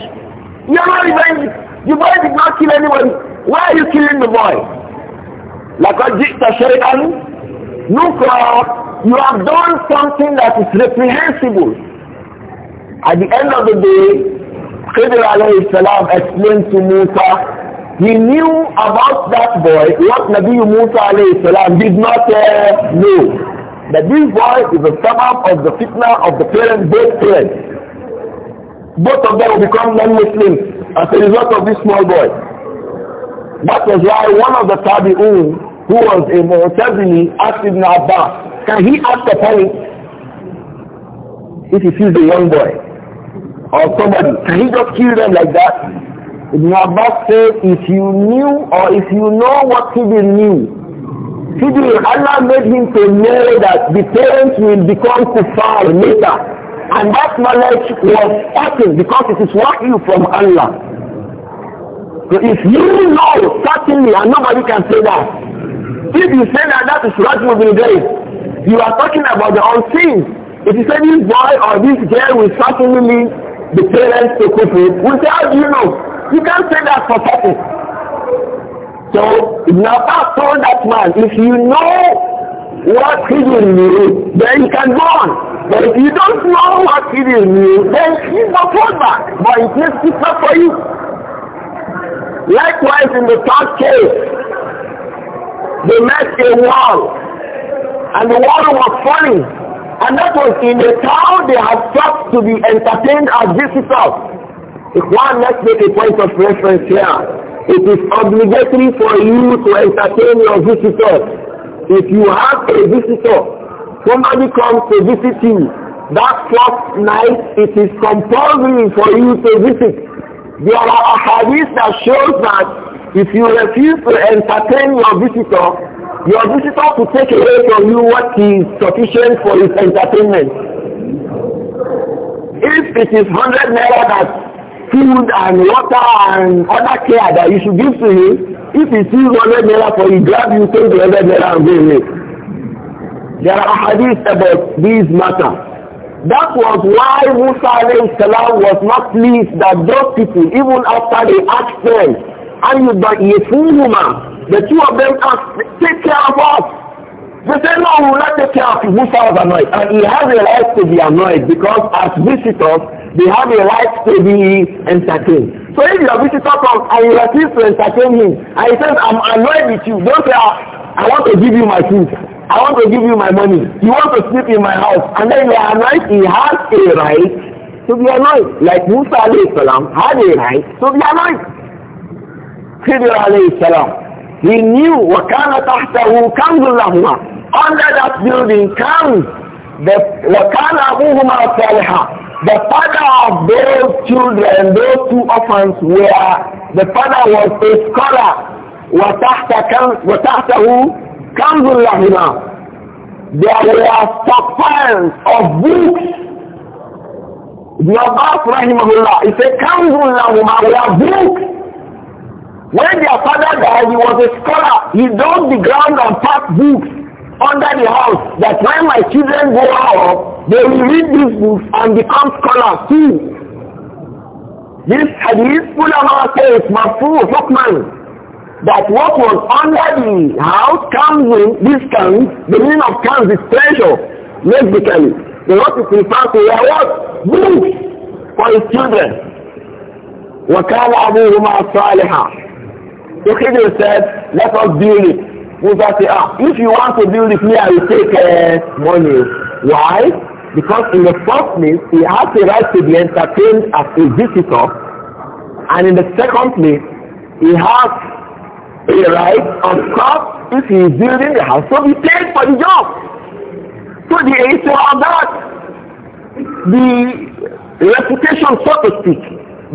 You're not revenge. The boy did not kill anyone. Why are you killing the boy? لقد جئت شيئا نكرا you have done something that is reprehensible. At the end of the day, Khidr alayhi salam explained to Musa he knew about that boy what Nabi Musa salam did not uh, know. That this boy is a suburb of the fitna of the parents, both parents. Both of them will become non-Muslims as a result of this small boy. That was why one of the Tabi'un who was a Mu'tazili asked Ibn Abbas, can he ask the it if he sees a young boy or somebody? Can he just kill them like that? Ibn Abbas said, if you knew or if you know what Khidir knew, Khidir, Allah made him to know that the parents will become kuffar later. And that knowledge was certain because it is what you from Allah. So if you know certainly, and nobody can say that, if you say that that is Rajmu bin Ghaib, you are talking about the unseen. If you say this boy or this girl will certainly lead the parents to kufr, we say, how do you know? You can't say that for certain. So Ibn Abbas told that man, if you know what he will do, then you can go on. But if you don't know what he will do, then he's not hold back. But it makes not for you. Likewise in the third case, they met a wall and the wall was falling. And that was in the town they had sought to be entertained as visitors. Ikhwan, let's make a point of reference here. It is obligatory for you to entertain your visitors. If you have a visitor, somebody comes to visit you, that first night it is compulsory for you to visit. There are ahadith that shows that if you refuse to entertain your visitor, your visitor to take away from you what is sufficient for his entertainment. If it is 100 naira that food and water and other care that you should give to him, if he sees 100 naira for you, grab you, take the other naira and go away. There are hadith about these matter. That was why Musa salam was not pleased that those people, even after they asked them, woman. the two of them ask take care of us. They say no, we will not take care of you. Musa was annoyed. And he has a right to be annoyed because as visitors, They have a right to be entertained. So if your visitor comes and you refuse to entertain him, and he says, I'm annoyed with you, don't say, ah, I want to give you my food. I want to give you my money. You want to sleep in my house. And then you are annoyed, he has a right to be annoyed. Like Musa alayhi salam had a right to be annoyed. Khidr alayhi salam. He knew وَكَانَ تَحْتَهُ كَنْزٌ لَهُمَا Under that building comes the وَكَانَ أَبُوهُمَا صَالِحًا the father of those children, those two orphans were, the father was a scholar. وَتَحْتَهُ كَمْزُ اللَّهِمَا There were stockpiles of books. The Abbas Rahimahullah, he said, كَمْزُ اللَّهِمَا were books. When their father died, he was a scholar. He dug the ground and packed books under the house that when my children grow up, they will read these books and become scholars too. This hadith, our says, Mafu Hukman, that what was under the house comes in, this comes, the meaning of comes is treasure, basically. The what is referred to are what? Books for his children. وَكَانَ أَبُوهُمَا صَالِحًا So Khidr said, let us build it. Musa say, ah, if you want to build it me, I will take uh, money. Why? Because in the first place, he has the right to be entertained as a visitor. And in the second place, he has a right, of course, if he is building the house, so he paid for the job. So the issue of that, the reputation, so to speak,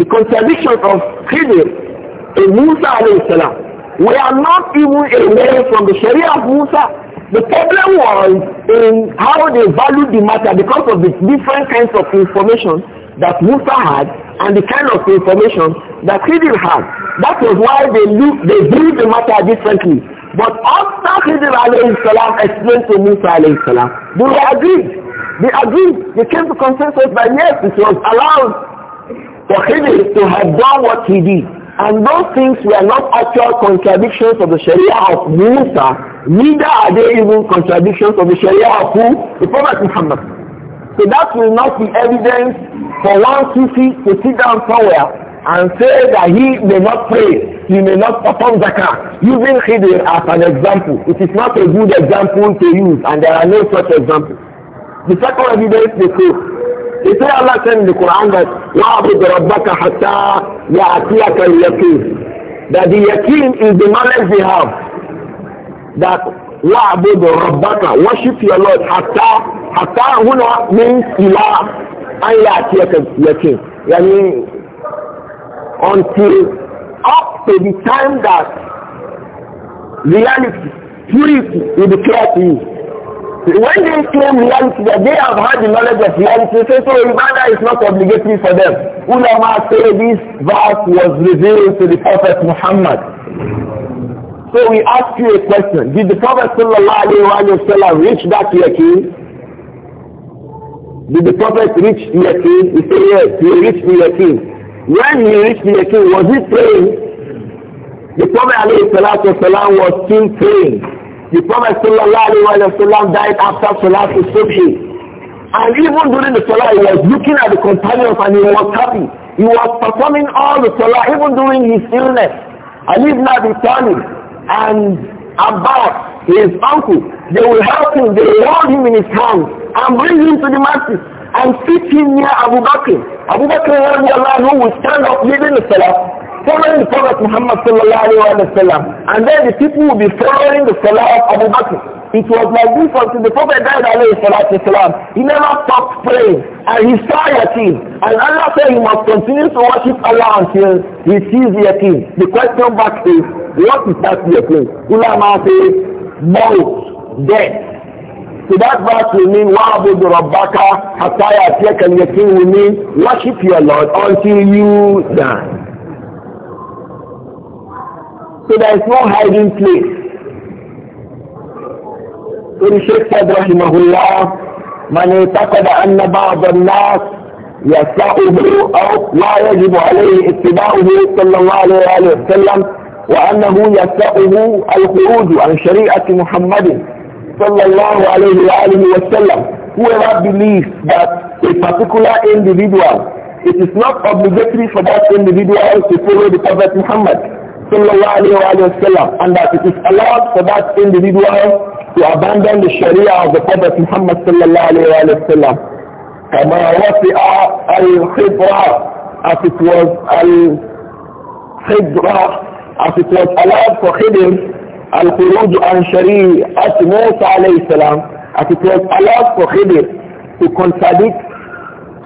the contradiction of Khidr in Musa alayhi salam, we are not even away from the Sharia of Musa. The problem was in how they valued the matter because of the different kinds of information that Musa had and the kind of information that Khidr had. That was why they looked, they viewed the matter differently. But after Khidr alayhi salam explained to Musa alayhi salam, they were agreed. They agreed. They came to consensus But yes, it was allowed for Khidr to have done what he did. And those things were not actual contradictions of the Sharia of Musa, neither are they even contradictions of the Sharia of who? The Prophet Muhammad. So that will not be evidence for one Sufi to sit down somewhere and say that he may not pray, he may not perform zakah, using Khidr as an example. It is not a good example to use, and there are no such examples. The second evidence they quote Is there Allah said in the Quran that Hatta Ya حَتَّى يَعْتِيَكَ Yakin. That the Yakin is the knowledge we have. That Wa وَعْبُدْ رَبَّكَ Worship your Lord Hatta Hatta هنا means إِلَى أَنْ يَعْتِيَكَ Yakin. يعني until up to the time that reality, purity will be clear to you. When they claim reality, that they have had the knowledge of reality, they say, so Ibadah is not obligatory for them. Ulama say this verse was revealed to the Prophet Muhammad. So we ask you a question. Did the Prophet wasallam reach that yakin? Did the Prophet reach Yaqeen? He said yes, he reached the When he reached the yakin, was he praying? The Prophet والسلام, was still praying. The Prophet ﷺ died after Salat al-Subhi. And even during the Salah, he was looking at the companions and he was happy. He was performing all the Salah even during his illness. Ali ibn Abi Talib and Abbas, his uncle, they will help him, they will hold him in his hands and bring him to the masjid and sit him near Abu Bakr. Abu Bakr, who will stand up leading the Salah following the Prophet Muhammad sallallahu alayhi wa sallam. And then the people will be following the Salah of Abu Bakr. It was like this until the Prophet died alayhi salatu sallam. He never stopped praying. And he saw Yatim. And Allah said he must continue to worship Allah until he sees Yatim. The question back is, what is that Yatim? Ulama says, mouth, death. So that verse will mean Wa'budu Rabbaka Hatta Yatiyaka Yakin will mean worship your Lord until you die. So there is no hiding place. So the Sheikh said, Rahimahullah, من اعتقد أن بعض الناس يسمعه أو لا يجب عليه اتباعه صلى الله عليه وسلم وأنه يسمعه الخروج عن شريعة محمد صلى الله عليه وآله وسلم whoever believes that a particular individual it is not obligatory for that individual to follow the Prophet Muhammad sallallahu alayhi wa sallam and that it is allowed for that individual to abandon the sharia of the Prophet Muhammad sallallahu alayhi wa sallam. كما وسع الخبرة as it was الخبرة as it was allowed for him الخروج عن شريعة موسى عليه السلام as it was allowed for him to contradict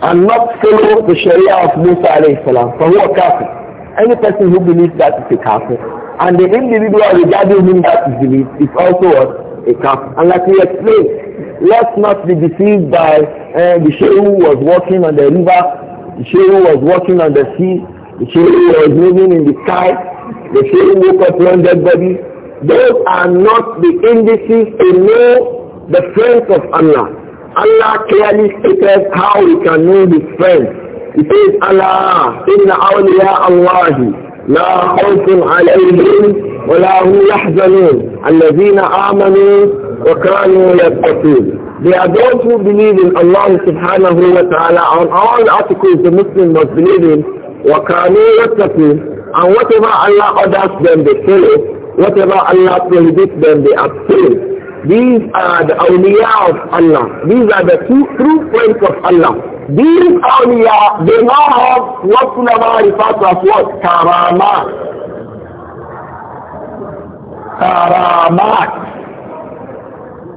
and not follow the sharia of Musa عليه السلام فهو كافر Any person who believes that is a kafir. And the individual regarding whom that is believed is also A kafir. And like we explained, let's not be deceived by uh, the shehu was walking on the river, the shehu was walking on the sea, the shehu was moving in the sky, the shehu woke up from dead body. Those are not the indices to know the friends of Allah. Allah clearly stated how we can know the friends. إذ ألا إن أولياء الله لا خوف عليهم ولا هم يحزنون الذين آمنوا وكانوا يتقون They are those who believe in Allah subhanahu wa ta'ala on all articles the Muslim must believe in وكانوا يتقون and whatever Allah orders them they follow whatever Allah prohibits them they abstain These are the awliya of Allah. These are the true true friends of Allah. These awliya, they now have what ulama refers to as what? Karamat. Karamat.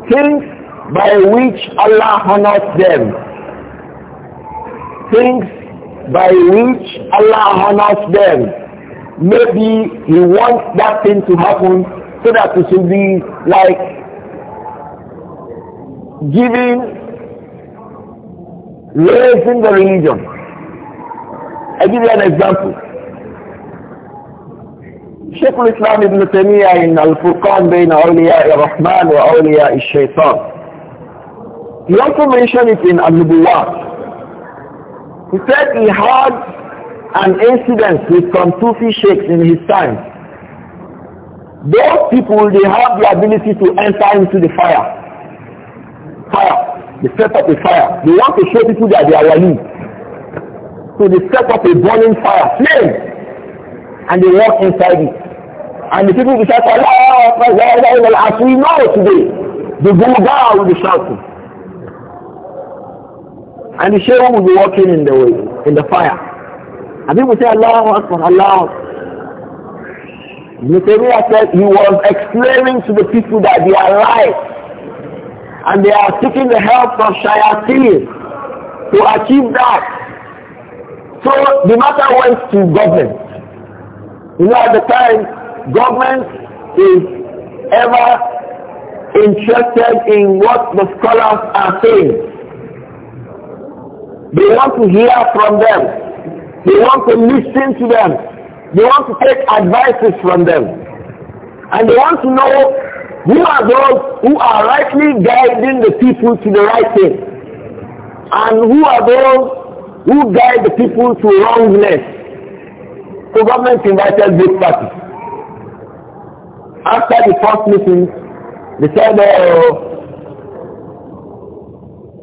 Things by which Allah honors them. Things by which Allah honors them. Maybe He wants that thing to happen so that it should be like giving, raising the religion. I give you an example. Al Islam Ibn in الإسلام Furqan between إن Al Rahman and الرحمن Al الشيطان he also mentioned it in Al-Nubuwat he said he had an incident with some Sufi sheikhs in his time those people they have the ability to enter into the fire fire. They set up a fire. They want to show people that they are wali. So they set up a burning fire, flame, and they walk inside it. And the people will shout, Allah, as we know today, the Buddha will be shouting. And the Sheikh will be walking in the way, in the fire. And people say, Allah, Akbar, Allah. Nehemiah said he was explaining to the people that they are alive and they are seeking the help of shayateen to achieve that. So the matter went to government. You know, at the time, government is ever interested in what the scholars are saying. They want to hear from them. They want to listen to them. They want to take advices from them. And they want to know who are those who are rightly guiding the people to the right thing? And who are those who guide the people to wrongness? So government invited both parties. After the first meeting, they said uh,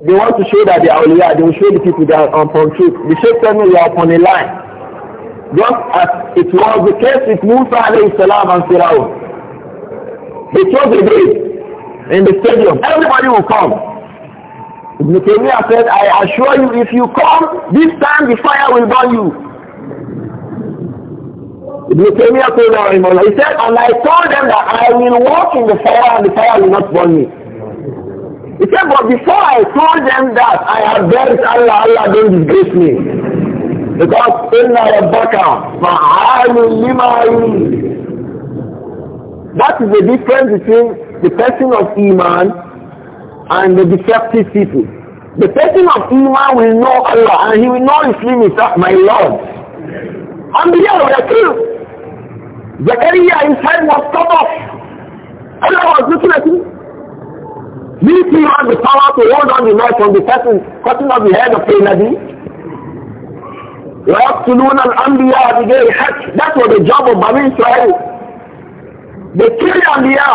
they want to show that they are loyal. they will show the people they are upon truth. The Sheikh said, no, you are upon a line. Just as it was the case with Musa alayhi salam and Pharaoh. It was a day in the stadium. Everybody will come. Ibn Taymiyyah said, I assure you, if you come, this time the fire will burn you. Ibn Taymiyyah told him, he said, and I told them that I will walk in the fire and the fire will not burn me. He said, but before I told them that, I had begged Allah, Allah don't disgrace me. Because إِنَّ رَبَّكَ فَعَالٌ لِمَا يُرِيدُ that is the difference between the person of Iman and the deceptive people. The person of Iman will know Allah and he will know His limits, ah, my Lord. Anbiya were The area inside was cut off. Allah was looking at him. These people have the power to hold on the knife from the person cutting off the head of Nabi. ويقتلون الأنبياء بغير حق. That was the job of Bani Israel. The They the Anbiya.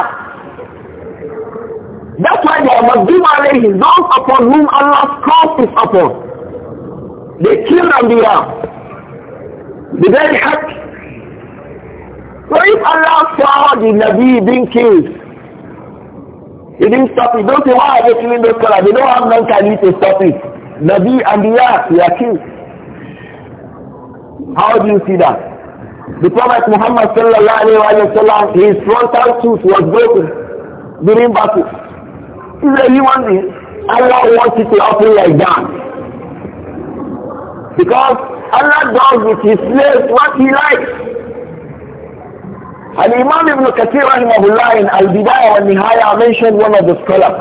That's why they were due alayhi, those upon whom Allah's curse is upon. They killed Anbiya. The very hack. So if Allah saw the Nabi being killed, he didn't stop it. Don't say, why are they killing those scholars? They don't have mentally to stop it. Nabi and the earth, they are killed. How do you see that? The Prophet Muhammad sallallahu alayhi wa sallam, his frontal tooth was broken during battle. He's a human being. Allah wants it to happen like that. Because Allah does with his slaves what he likes. And imam Ibn Kathir rahimahullah in Al-Bidayah wa Nihaya mentioned one of the scholars.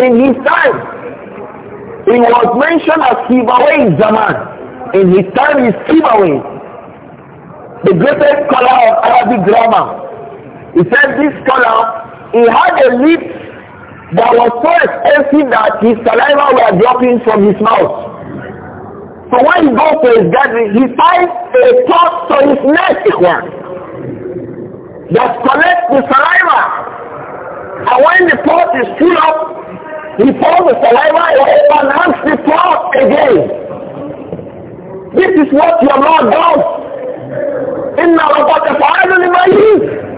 In his time, he was mentioned as Sibawi Zaman. In his time, he's Sibawi the greatest scholar of Arabic grammar. He said this scholar, he had a lip that was so expensive that his saliva were dropping from his mouth. So when he goes to his gathering, he finds a pot to his neck one that collects the saliva. And when the pot is full up, he pours the saliva away and hangs the pot again. This is what your Lord does Inna ربك فعال لما يريد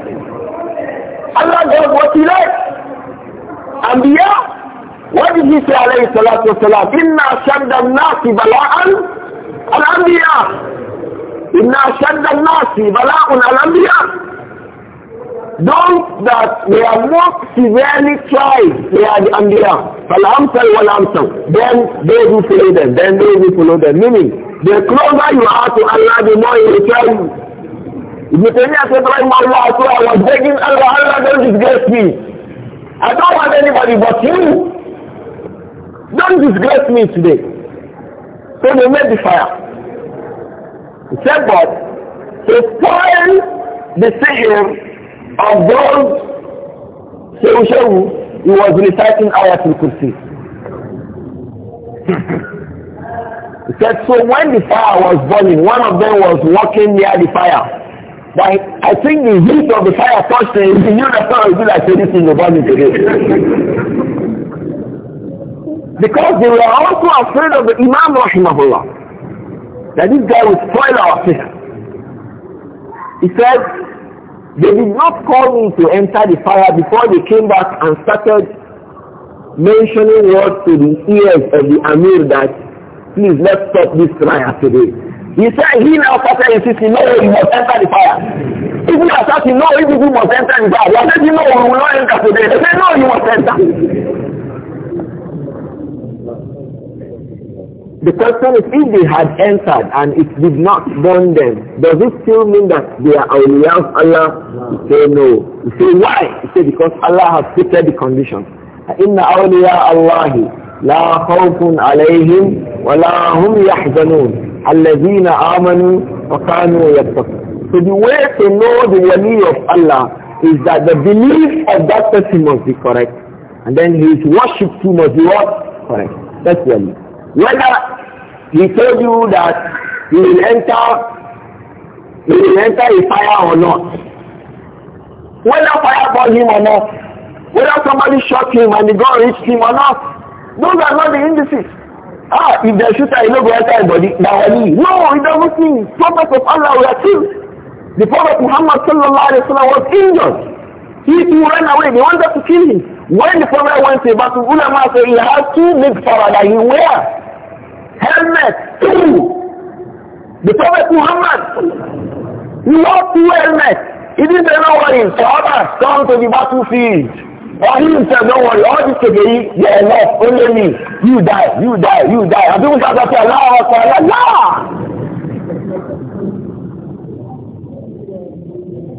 Allah does what he likes. what did he say alayhi salatu wasalam? Inna shadda nasi bala'an al-anbiya. Inna shadda nasi bala'un al-anbiya. Don't that they are not severely tried, they are the ambiya. Fal-amsal wal-amsal. Then they who follow them, then they who follow them. Meaning, the closer you are to Allah, the more he will try you. Ibn Taymiyyah said, Allah, so I was begging Allah, Allah don't disgrace me. I don't want anybody but you. Don't disgrace me today. So they made the fire. He said, but to spoil the sihr of those Seushawu, he was reciting our Kursi. he said, so when the fire was burning, one of them was walking near the fire. But I think the heat of the fire touched him. He knew that God would do like this in the body today. because they were also afraid of the Imam Rahimahullah. That this guy would spoil our faith. He said, they did not call me to enter the fire before they came back and started mentioning words to the ears of the Amir that, please let's stop this fire today. He said he now started insisting, no, you must enter the fire. If you are such, no, if you must enter the fire. I said, you know, we will not enter today. They said, no, you must enter. The question is, if they had entered and it did not burn them, does it still mean that they are only of Allah? they know. no. You say why? You say because Allah has fitted the conditions. إِنَّ أَوْلِيَاءَ اللَّهِ لَا خَوْفٌ عَلَيْهِمْ وَلَا هُمْ يَحْزَنُونَ so the way to know the wali of Allah is that the belief of that person must be correct. And then his worship too must be what? Correct. That's wali. Whether he told you that he will enter, he will enter a fire or not. Whether fire burned him or not. Whether somebody shot him and the gun reached him or not. Those are not the indices. Ah, if shoot, shooter, you know, go enter body. Now, Ali. No, it doesn't mean. Prophet of Allah were killed. The Prophet Muhammad sallallahu alayhi wa sallam was injured. He too ran away. They wanted to kill him. When the Prophet went to battle, ulama said he had two big farah that he wear. Helmet, two. The Prophet Muhammad, he wore two helmets. He didn't know what his Sahaba come to the battlefield. Or he himself, don't worry, all this today, they are lost, only me. You die, you die, you die. And people start out to Allah, Allah, Allah.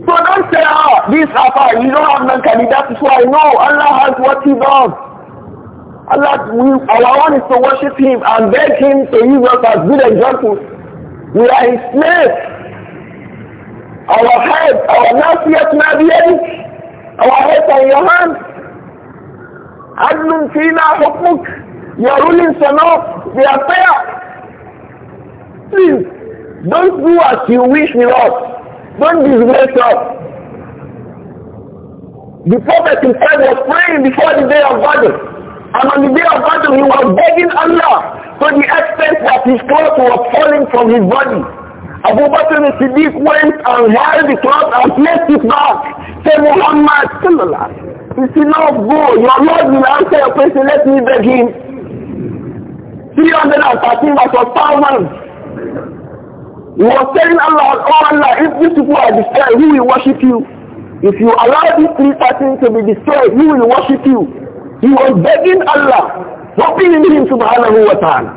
So don't say, ah, this happened, you don't have mankind, that is why. No, Allah has what he does. Allah, we, our one is to worship him and beg him to use us as good examples. We are his slaves. Our head, our nastiest, not the our heads are in your hands. Adlum fina hukmuk. Your rulings are not, they are fair. Please, don't do as you wish with us. Don't disgrace us. The Prophet himself was praying before the day of battle. And on the day of battle, he was begging Allah to the extent that his clothes were falling from his body. Abu Bakr the Siddiq went and held the cloth and placed it back. Say Muhammad still alive. sallallahu It's enough, go. Your Lord will answer your question. Let me beg him. 313 verse of He was telling Allah, oh Allah, if these people are destroyed, who will worship you? If you allow these three persons to be destroyed, who will worship you? He was begging Allah, hoping in him subhanahu wa ta'ala.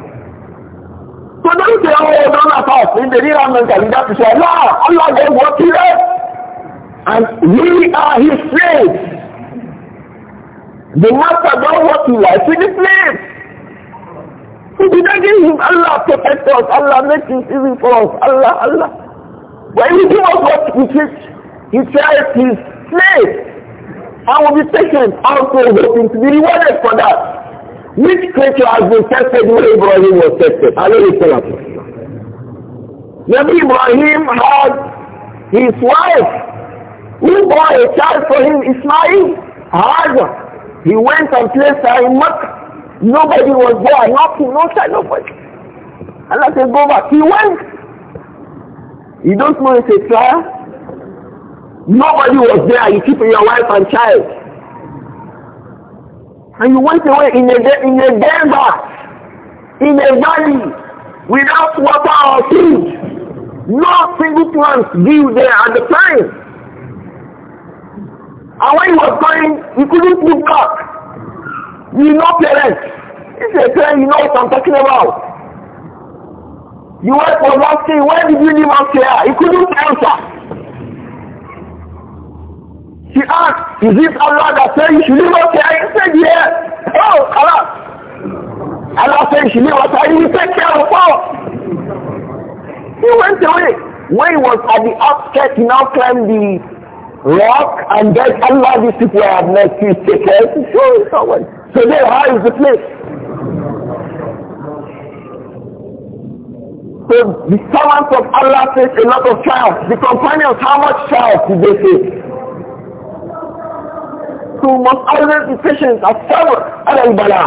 So don't are oh, don't attack. In the real man can that say, Allah, Allah gave what he read. And we are his slaves. The master not want to likes in the slaves. So we don't give him, Allah protect us, Allah make things easy for us, Allah, Allah. But he give us what we takes, he tries his slave. I will be taken out to hoping to be rewarded for that. Which creature has been tested when Ibrahim was tested? Alayhi salatu Nabi Ibrahim had his wife who bore a child for him, Ismail, Hagar. He went and placed her in Mecca. Nobody was there, nothing, no child, nobody. Allah said, go back. He went. You don't know it's a trial? Nobody was there. You keep your wife and child. And you went away in a, in a desert, in a valley, without water or food. No single plant grew there at the time. And when he was going, he couldn't look back. You know parents. It's a parent, you know what I'm talking about. You went for thing. where did you leave here? He couldn't answer. He asked, is this Allah that said you should leave us here? He said, yes. Oh, Allah. Allah said you should leave us here. He said, careful. Oh. He went away. When he was at the outskirts, he now climbed the rock and then Allah, these people have mercy, take care. Show someone. So there, how is the place? So the servants of Allah face a lot of trials. The companions, how much trials did they face? Rasul must always be patient as sabr al-bala.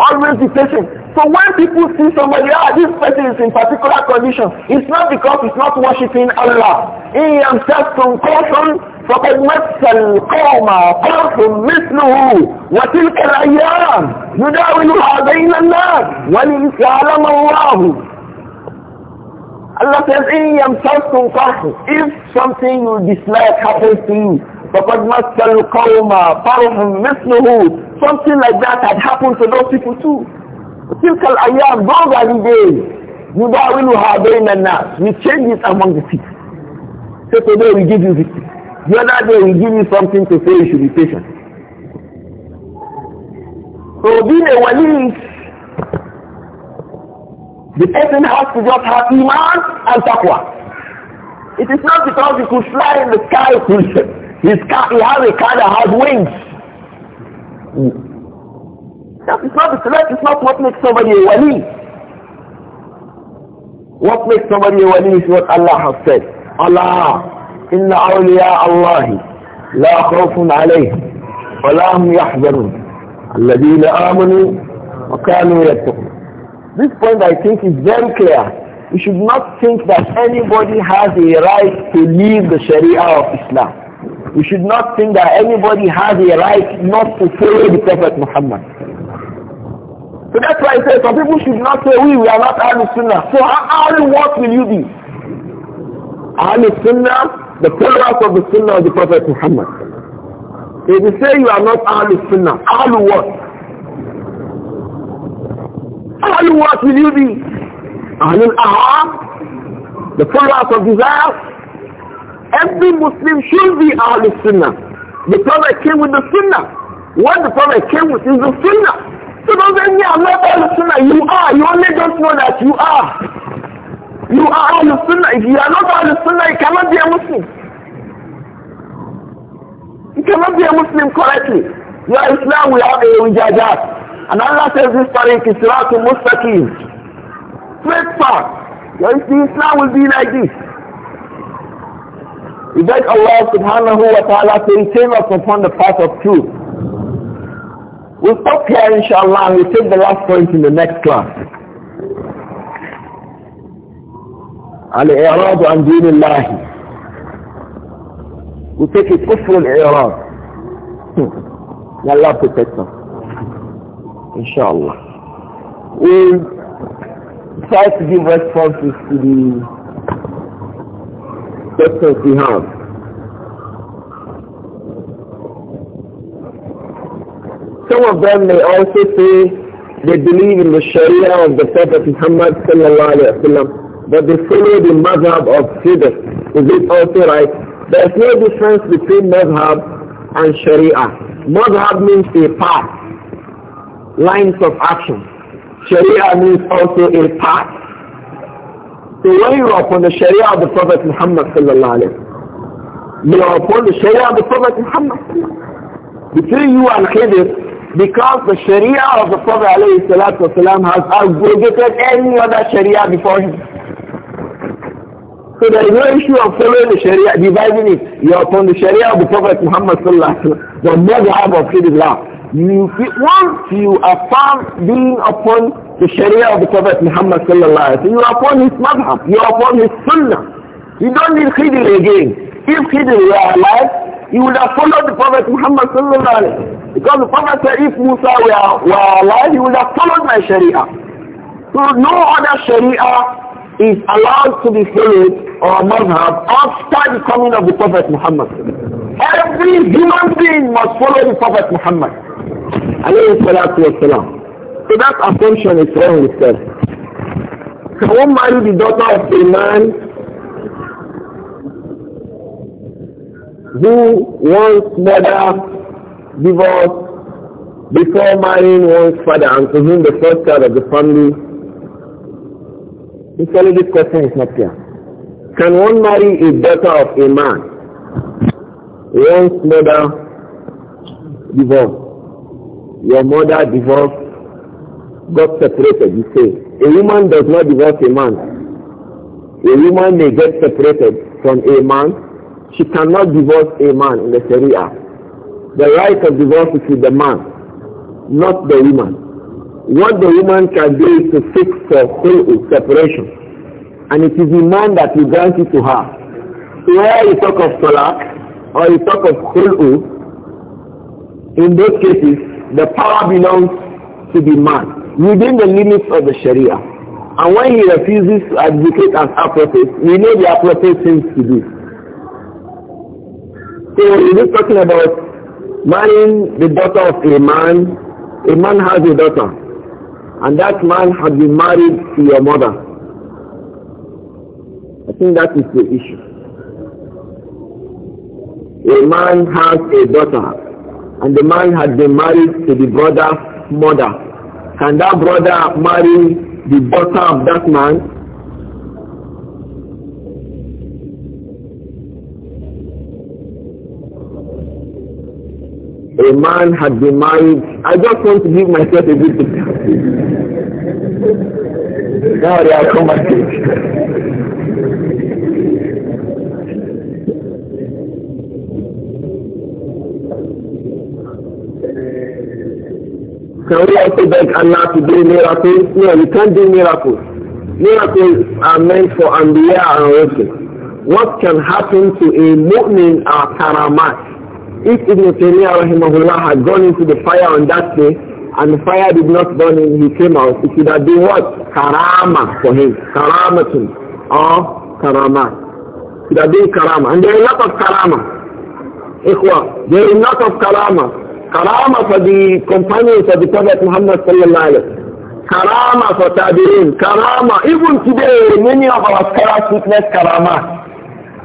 Always be patient. So when people see somebody, ah, this person is in particular condition, it's not because it's not worshipping Allah. He himself from caution, فَقَدْ مَسَّ الْقَوْمَ قَوْفٌ مِثْلُهُ وَتِلْكَ الْأَيَّامِ يُدَاوِلُهَا بَيْنَ النَّاسِ وَلِيَعْلَمَ اللَّهُ Allah says, In يَمْسَسْكُمْ قَرْحٌ If something you dislike happens to you, فَقَدْ مَسَّ الْقَوْمَ فَرْحٌ مِثْلُهُ Something like that had happened to those people too. تِلْكَ الْأَيَّامِ Those are the days. نُدَاوِلُهَا بَيْنَ النَّاسِ We change it among the people. So today we give you this. The other day we give you something to say you should be patient. So being a wali the person has to just have iman and taqwa. It is not because you could fly in the sky, Christian. (laughs) His car, he has a car that has wings. That is not, It's not what makes somebody a wali. What makes somebody a wali is what Allah has said. Allah, inna awliya Allahi, la khawfun alayhi, wa la hum yahzanun, alladhina amanu, wa kanu yattaqun. This point I think is very clear. We should not think that anybody has a right to leave the Sharia of Islam. We should not think that anybody has a right not to follow the Prophet Muhammad. So that's why I say some people should not say we, we are not Ahlul Sunnah. So Ahlul what will you be? Ahlul Sunnah, the followers of the Sunnah of the Prophet Muhammad. If you say you are not Ahlul Sunnah, Ahlul what? Ahlul what will you be? Ahlul Aham, the followers of desire, Every Muslim should be Ahl Sunnah. The Prophet came with the Sunnah. What the Prophet came with is the Sunnah. So don't say, me, I'm not Ahl Sunnah. You are. You only don't know that you are. You are a Sunnah. If you are not a Sunnah, you cannot be a Muslim. You cannot be a Muslim correctly. You are Islam have a wijajat. And Allah says this tariq is to Mustaqim. Straight path. Your Islam will be like this. We beg Allah subhanahu wa ta'ala to save us upon the path of truth. We'll stop here inshallah and we'll take the last point in the next class. Al-I'rad an Deen we take it kufr al-I'rad. Hmm. Allah protect us. Inshallah. We'll try to give responses to the questions we Some of them may also say they believe in the Sharia of the Prophet Muhammad sallallahu alaihi wasallam, but they follow the madhab of Judas. Is it also right? There is no difference between madhab and Sharia. Madhab means a path, lines of action. Sharia means also a path So when you are upon the Sharia of the Prophet Muhammad sallallahu alayhi wa you are upon the Sharia of the Prophet Muhammad between you and Khidr because the Sharia of the Prophet عليه الصلاة والسلام has abrogated any other Sharia before him. So there is no issue of following the Sharia, dividing it. You are upon the Sharia of the Prophet Muhammad صلى الله عليه وسلم the madhab of Khidr. You, once you are found being upon the Sharia of the Prophet Muhammad sallallahu alaihi wasallam. You are upon his madhab, you are upon his sunnah. You don't need khidr again. If khidr were alive, he would have followed the Prophet Muhammad sallallahu alaihi wasallam. Because the Prophet said if Musa were, were alive, he would have followed my Sharia. So no other Sharia is allowed to be followed or madhab after the coming of the Prophet Muhammad. Every human being must follow the Prophet Muhammad. So that assumption is wrong itself. Can one marry the daughter of a man who wants mother divorce before marrying one's father and to whom the first child of the family? Actually, this question is not clear. Can one marry a daughter of a man? once mother divorce. Your mother divorced got separated, you say, a woman does not divorce a man. A woman may get separated from a man. She cannot divorce a man in the Sharia. The right of divorce is with the man, not the woman. What the woman can do is to seek for khulu, separation. And it is the man that will grant it to her. So where you talk of talaq or you talk of khulu, in those cases, the power belongs to the man within the limits of the Sharia. And when he refuses to advocate as appropriate, we know the appropriate things to do. So we are just talking about marrying the daughter of a man. A man has a daughter. And that man had been married to your mother. I think that is the issue. A man has a daughter. And the man had been married to the brother's mother. Can that brother marry the daughter of that man? A man had been married. I just want to give myself a good example. (laughs) now they are coming. Can we also beg Allah to do miracles? No, you can't do miracles. Miracles are meant for Anbiya and Rasul. What can happen to a mu'min are karamat. If Ibn Taymiyyah rahimahullah had gone into the fire on that day, and the fire did not burn him, he came out, it would have been what? Karama for him. Karamatun. Or karamat? It would have been karama. And there are a lot of karama. Ikhwa, there are a lot of karama. Karama for the companions of the Prophet Muhammad عليه وسلم. Karama for Tabirin. Karama. Even today, many of our scholars witness Karama.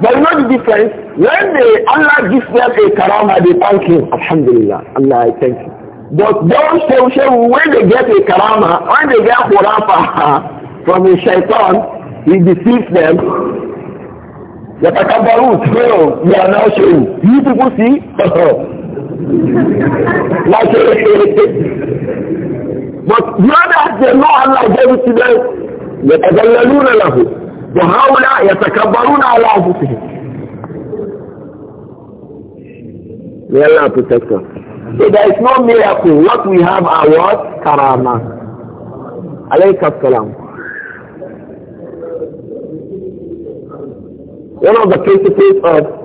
But not the difference. When they, Allah gives them a Karama, they thank Him. Alhamdulillah. Allah, I thank you. But don't those Shehu when they get a Karama, when they get Khurafa from a shaitan, he deceives them. Yatakabarut, you are now Shehu. You people see? (laughs) Like, but the others, they know Allah gave it to them. يتذللون له وهؤلاء يتكبرون على أنفسهم. May Allah protect us. So there is no miracle. What we have are what? Karama. Alayka salam. One of the principles of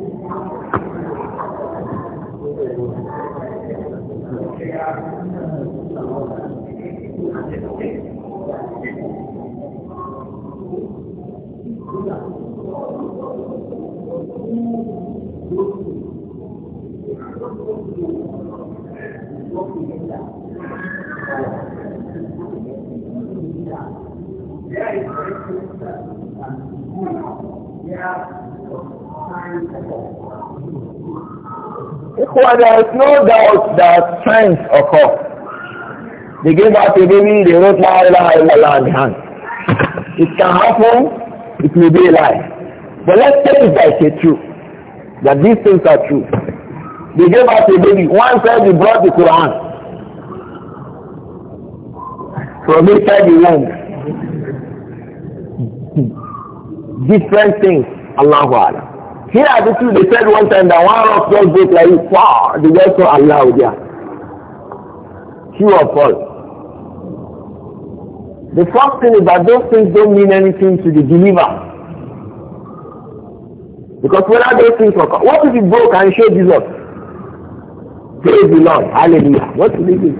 Yeah. Well, there is no doubt that signs occur. They gave out a baby, they wrote La ilaha illallah on the hand. It can happen, it may be a lie. But let's take it as a truth, that these things are true. They gave out a baby. One said he brought the Quran from inside the womb. Different things, Allahu Allah. Here are the two they said one time that one rock just broke like this. Wow, they just saw Allah there. True The first thing is that those things don't mean anything to the believer. Because when those things occur? What if he broke and showed Jesus? Praise the Lord. Hallelujah. What did he do?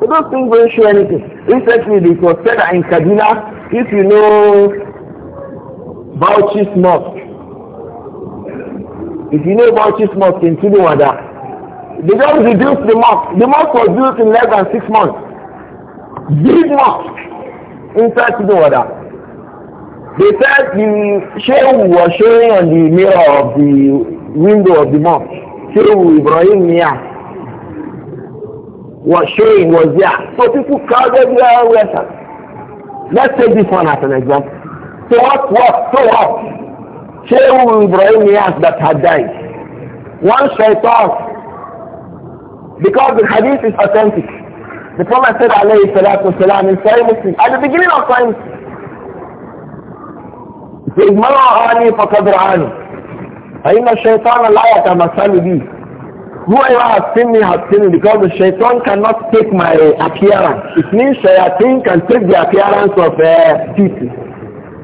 So those things don't show anything. Recently it was said that in Kaduna, if you know Bauchi's Mosque. If you know Bauchi's Mosque in Tuluwada, they just reduced the mosque. The mosque was built in less than six months. Big mosque inside Tuluwada. They said the Shehu was showing on the mirror of the window of the mosque. Shehu Ibrahim Nia was showing was there. So people crowded there. Let's take this one as an example. So what was so what? Shehu Ibrahim Yas that had died. One shaitan. Because the hadith is authentic. The Prophet said alayhi salatu wasalam in Sahih Muslim at the beginning of time. Igmara'ani faqadra'ani. فإن الشيطان لا يتمثل بي. Whoever has seen me has seen me because the shaitan cannot take my appearance. It means shayateen can take the appearance of uh, teacher.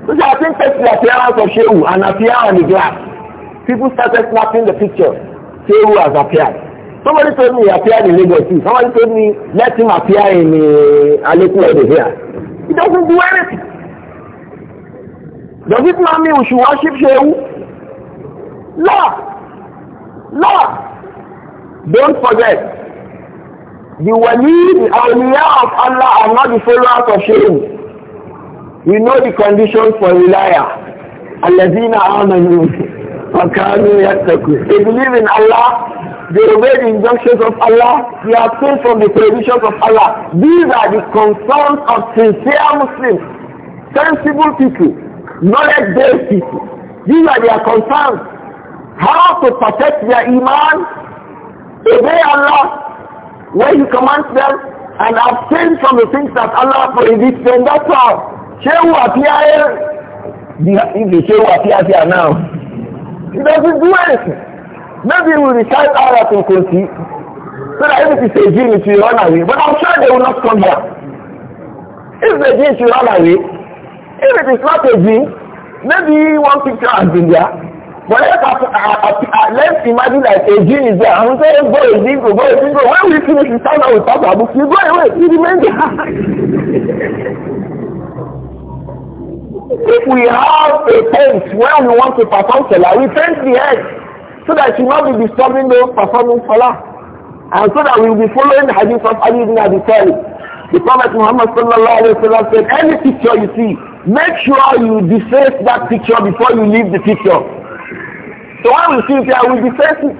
So I think that's the appearance of Shehu and appear on the glass. People started snapping the picture. Shehu has appeared. Somebody told me he appeared in Lagos too. Somebody told me let him appear in uh, Aleku over here. He doesn't do anything. Does it not mean we should worship Shehu? No. No. Don't forget. The wali, the awliya of Allah are not the followers of Shehu. We know the condition for a liar. الَّذِينَ آمَنُوا وَكَانُوا They believe in Allah, they obey the injunctions of Allah, they abstain from the prohibitions of Allah. These are the concerns of sincere Muslims, sensible people, knowledge-based people. These are their concerns. How to protect their iman, obey Allah when He commands them, and abstain from the things that Allah prohibits them. That's all. Shehu appear, if the Shehu appears here now, he doesn't do anything. Maybe we'll recite ayat in Kunti, so that if it's a jinn, it will run away. But I'm sure they will not come back If the jinn should run away, if it is not a jinn, maybe one picture has been there. But let's, uh, uh, uh, let's imagine that a jinn is there. and I'm saying, go a jinn, go, go a jinn, go. When we finish, we stand out with Papa Abu, you go away, you remain there. (laughs) If we have a tent where we want to perform salah, we tent the edge so that you not be disturbing those performing salah. And so that we will be following the hadith of Ali ibn Abi Talib. The Prophet Muhammad sallallahu alayhi wa sallam said, any picture you see, make sure you deface that picture before you leave the picture. So I will see it here, we deface it.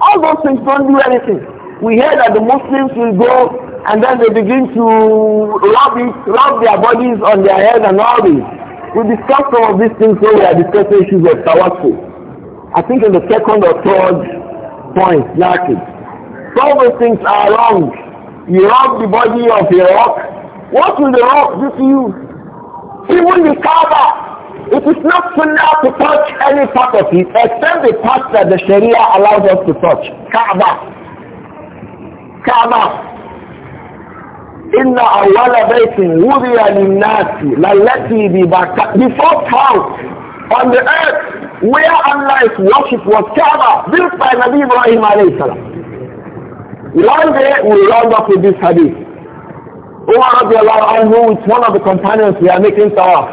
All those things don't do anything. We hear that the Muslims will go and then they begin to rub it, rub their bodies on their head and all this. We discussed some of these things when we are discussing issues of tawakkul. I think in the second or third point, naked. Some of the things are wrong. You rob the body of your rock. What will the rock do to you? Even the discover. it is not sunnah to touch any part of it except the part that the Sharia allows us to touch. Kaaba. Kaaba. Inna awala baitin wudiya linnati lallati bi baka. The first house on the earth where Allah is worship was Kaaba, built by Nabi Ibrahim alayhi salam. One day we round up with this hadith. Umar radiallahu anhu with one of the companions we are making tawaf.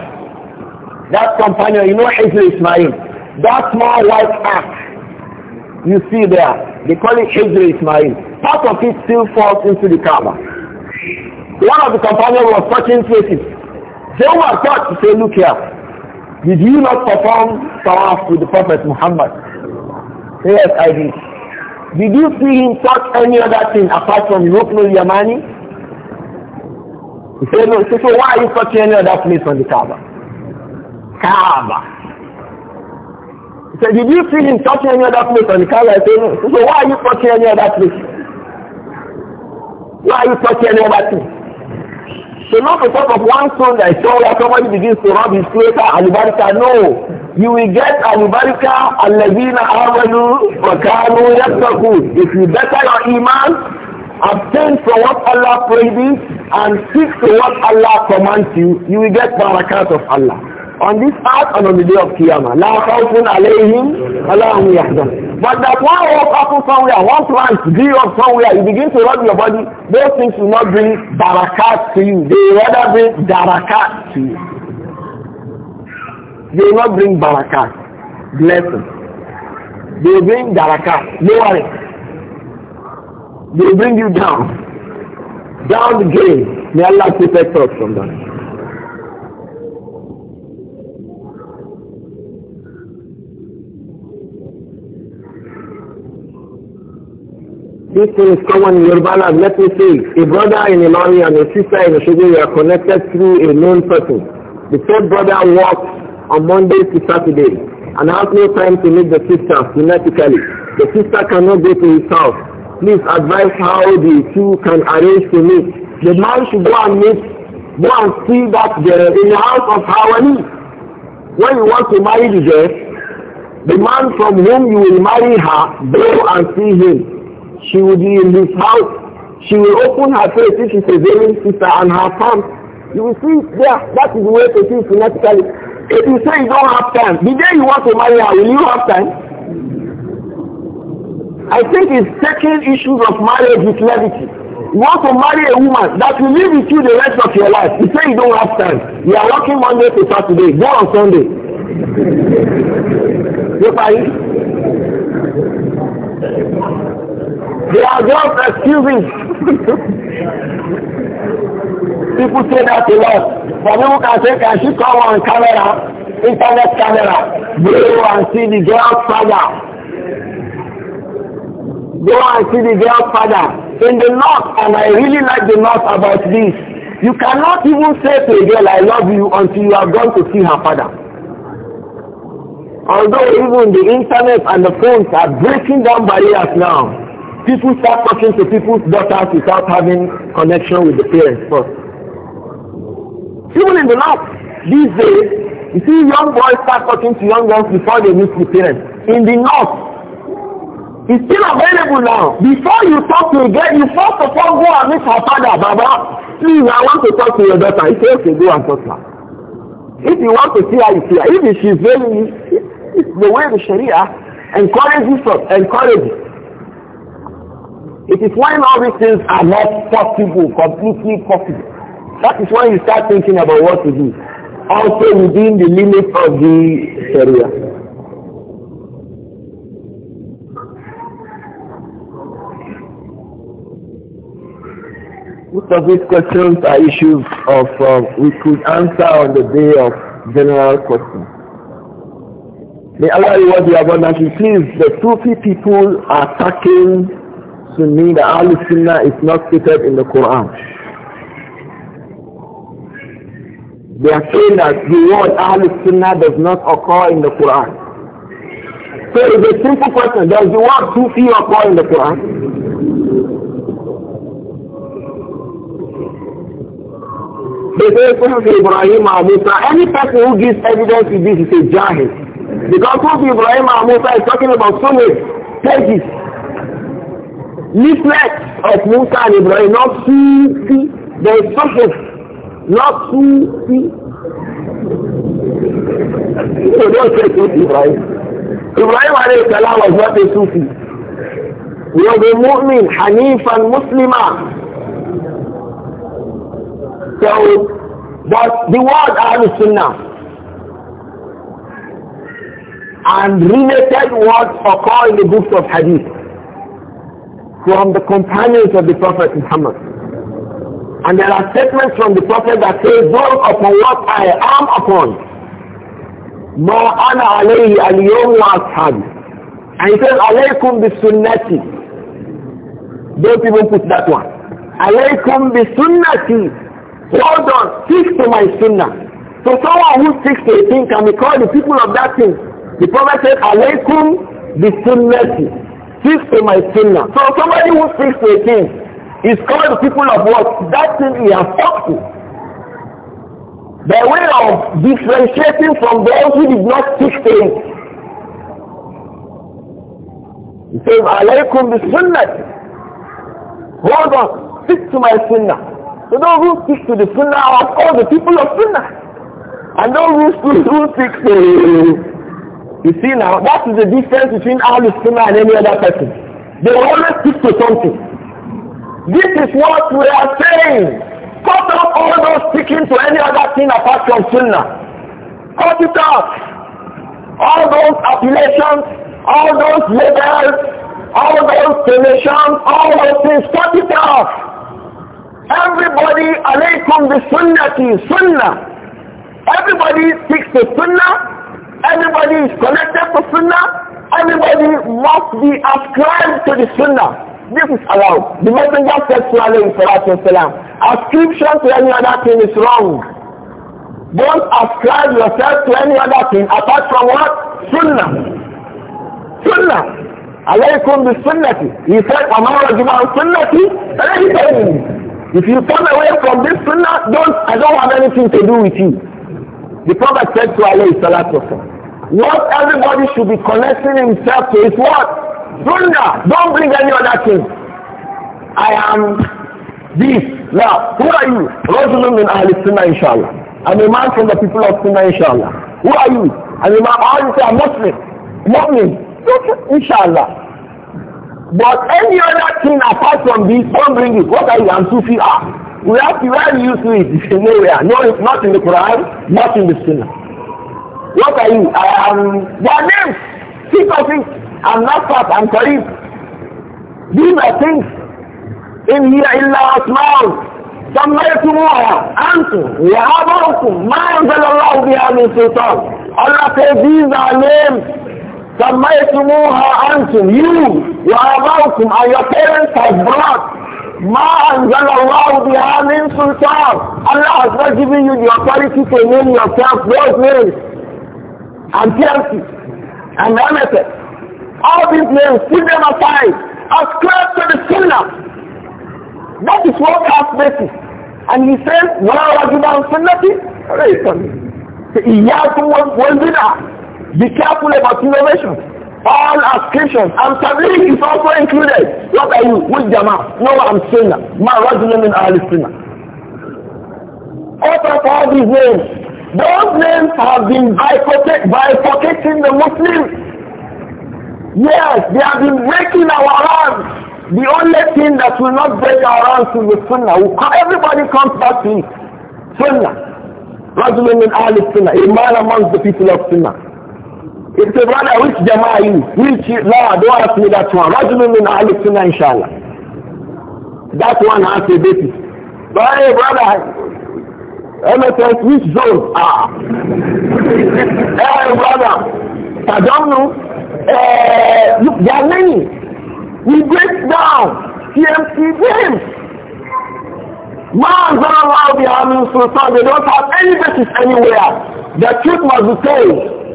That companion, you know Hizl Ismail. That small white ark you see there, they call it Hizl Ismail. Part of it still falls into the Kaaba. One of the companions was touching faces. They were about to say, look here, did you not perform tawaf with the Prophet Muhammad? Yes, I did. Did you see him touch any other thing apart from Ruknul Yamani? He said, no. He said, so why are you touching any other place on the Kaaba? Kaaba. He said, did you see him touching any other place on the Kaaba? I said, no. He said, so why are you touching any other place? Why are you touching any other thing? So not because of one stone that saw that somebody begins to rub his creator alibarika. No. You will get alibarika alladina amanu wa kanu yattaqun. If you better your iman, abstain from what Allah forbids and seek to what Allah commands you, you will get barakat of Allah. On this earth and on the day of Qiyamah. La khawfun alayhim, Allahum yahdan. But that one walk happen somewhere, one plant grew up somewhere, you begin to rub your body, those things will not bring barakat to you. They will rather bring daraka to you. They will not bring barakat, blessing. They will bring daraka. No lowering. They will bring you down. Down the game. May Allah protect us from that. This thing is common in Yoruba land. Let me say A brother in Imani and a sister in Oshogo were connected through a known person. The third brother works on Monday to Saturday and has no time to meet the sister genetically. The sister cannot go to his house. Please advise how the two can arrange to meet. The man should go and meet, go and see that girl in the house of Hawani. When you want to marry the girl, the man from whom you will marry her, go and see him. She will be in this house. She will open her face if she's a very sister and her palms. You will see there. That is the way to see genetically. If you say you don't have time, the day you want to marry her, will you have time? I think it's taking issues of marriage with levity. You want to marry a woman that will live with you the rest of your life. You say you don't have time. You are working Monday to Saturday, go on Sunday. (laughs) you they are just excusing. people say that a lot. But people can say, can she come on camera, internet camera, go and see the girl's father. Go and see the girl's father. In the north, and I really like the north about this, you cannot even say to a girl, I love you until you are gone to see her father. Although even the internet and the phones are breaking down barriers now people start talking to people's daughters without having connection with the parents first. Even in the north, these days, you see young boys start talking to young girls before they meet the parents. In the north, it's still available now. Before you talk to a girl, you first of all go and meet her father, Baba. Please, I want to talk to your daughter. He says, okay, go and talk to her. If you want to see her, you see her. If she's very, it's the way the Sharia encourages us, encourages. It is when all these things are not possible, completely possible. That is when you start thinking about what to do. Also within the limits of the area. Most of these questions are issues of um, we could answer on the day of general questions. May Allah reward you abundantly. Please, the Sufi people are attacking. Mean the that Ahl Sunnah is not stated in the Quran. They are saying that the word Ahl Sunnah does not occur in the Quran. So it's a simple question. Does the word Sufi occur in the Quran? They say, Ibrahim Musa, any person who gives evidence to this is a jahil. Because Prophet Ibrahim Musa is talking about so many pages leaflet of Musa and Ibrahim, not see, see. There is something, not see, see. So don't say Sufi, Ibrahim. Ibrahim alayhi salam was not a Sufi. He was a mu'min, Hanif and Muslimah. So, but the word Ahlul Sunnah and related words occur in the books of Hadith from the companions of the Prophet Muhammad. And there are statements from the Prophet that say, Go upon what I am upon. Ma ana alayhi al-yawm wa ashabi. And he says, alaykum bi sunnati. Don't even put that one. Alaykum bi sunnati. Hold on, stick to my sunnah. So someone who sticks to a thing can be called the people of that thing. The Prophet said, alaykum bi sunnati. Speak to my sinner. So somebody who speaks to a king is called the people of what? That thing he has talked to. The way of differentiating from those who did not speak to him. He says, to bi sunnah. Hold on. Speak to my sunnah. So those who speak to the sunnah are all the people of sunnah. And those who speak to you see now, that is the difference between Ahlul Sunnah and any other person. They always stick to something. This is what we are saying. Cut off all those sticking to any other thing apart from Sunnah. Cut it off. All those appellations, all those labels, all those donations, all those things, cut it off. Everybody, alaykum bi sunnati, sunnah. Everybody sticks to sunnah Everybody is connected to Sunnah. Everybody must be ascribed to the Sunnah. This is allowed. The Messenger said to Alayhi Salatu Wasalam, ascription to any other thing is wrong. Don't ascribe yourself to any other thing apart from what? Sunnah. Sunnah. Alaykum bi He said, sunnati, anything. If you come away from this sunnah, don't, I don't have anything to do with you. The Prophet said to Allah salatu what everybody should be connecting himself to is what? Sunnah. Don't bring any other thing. I am this. Now, who are you? Rasulun min Ahli Sunnah, inshallah. I'm a man from the people of Sunnah, inshallah. Who are you? I'm a man, you say Muslim. Muslim. Inshallah. But any other thing apart from this, don't bring it. What are you? I'm Sufi. Ah. We have to where you see it. nowhere. No, it's not in the Quran, not in the Sunnah. What are you? I am your names. Think of it. I'm not fat, I'm Kareem. These are things. In here illa asma'un. سميتموها أنتم وآباؤكم ما أنزل الله بها من سلطان Allah says these are names سميتموها أنتم you وآباؤكم and your parents have brought Ma anzalallahu biha min sultan. Allah has not given you the authority to name yourself those names. And Chelsea and Amethyst. All these names, put them aside. Ascribe to the Sunnah. That is what has basis. And he says, وَلَا رَجُلَ عَنْ سُنَّتِي رَيْسًا So إِيَّاكُمْ وَالْبِدَعَ Be careful about innovation all ascriptions. And Tabligh is also included. What are you? With Jama'ah. No, I'm saying? Ma Rajulun min Ahli Sunnah. Out of all these names, those names have been bifurcating the Muslims. Yes, they have been breaking our arms. The only thing that will not break our arms is the sunnah. Everybody comes back to it. Sunnah. Rajulun min ahli sunnah. A man amongst the people of sunnah. If the brother, which Jama'ah you? Which, law? don't ask me that one. don't you mean ahli sunnah, inshallah. That one has a basis. But hey, brother, MSS, which zone? Ah. (laughs) hey, brother, I don't know. look, there are many. We break down CMC games. Man, Allah, they don't have any basis anywhere. The truth must be told.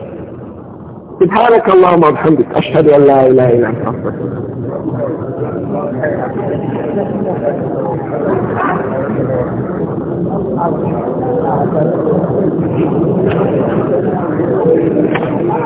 سبحانك اللهم وبحمدك أشهد أن لا إله إلا أنت أستغفرك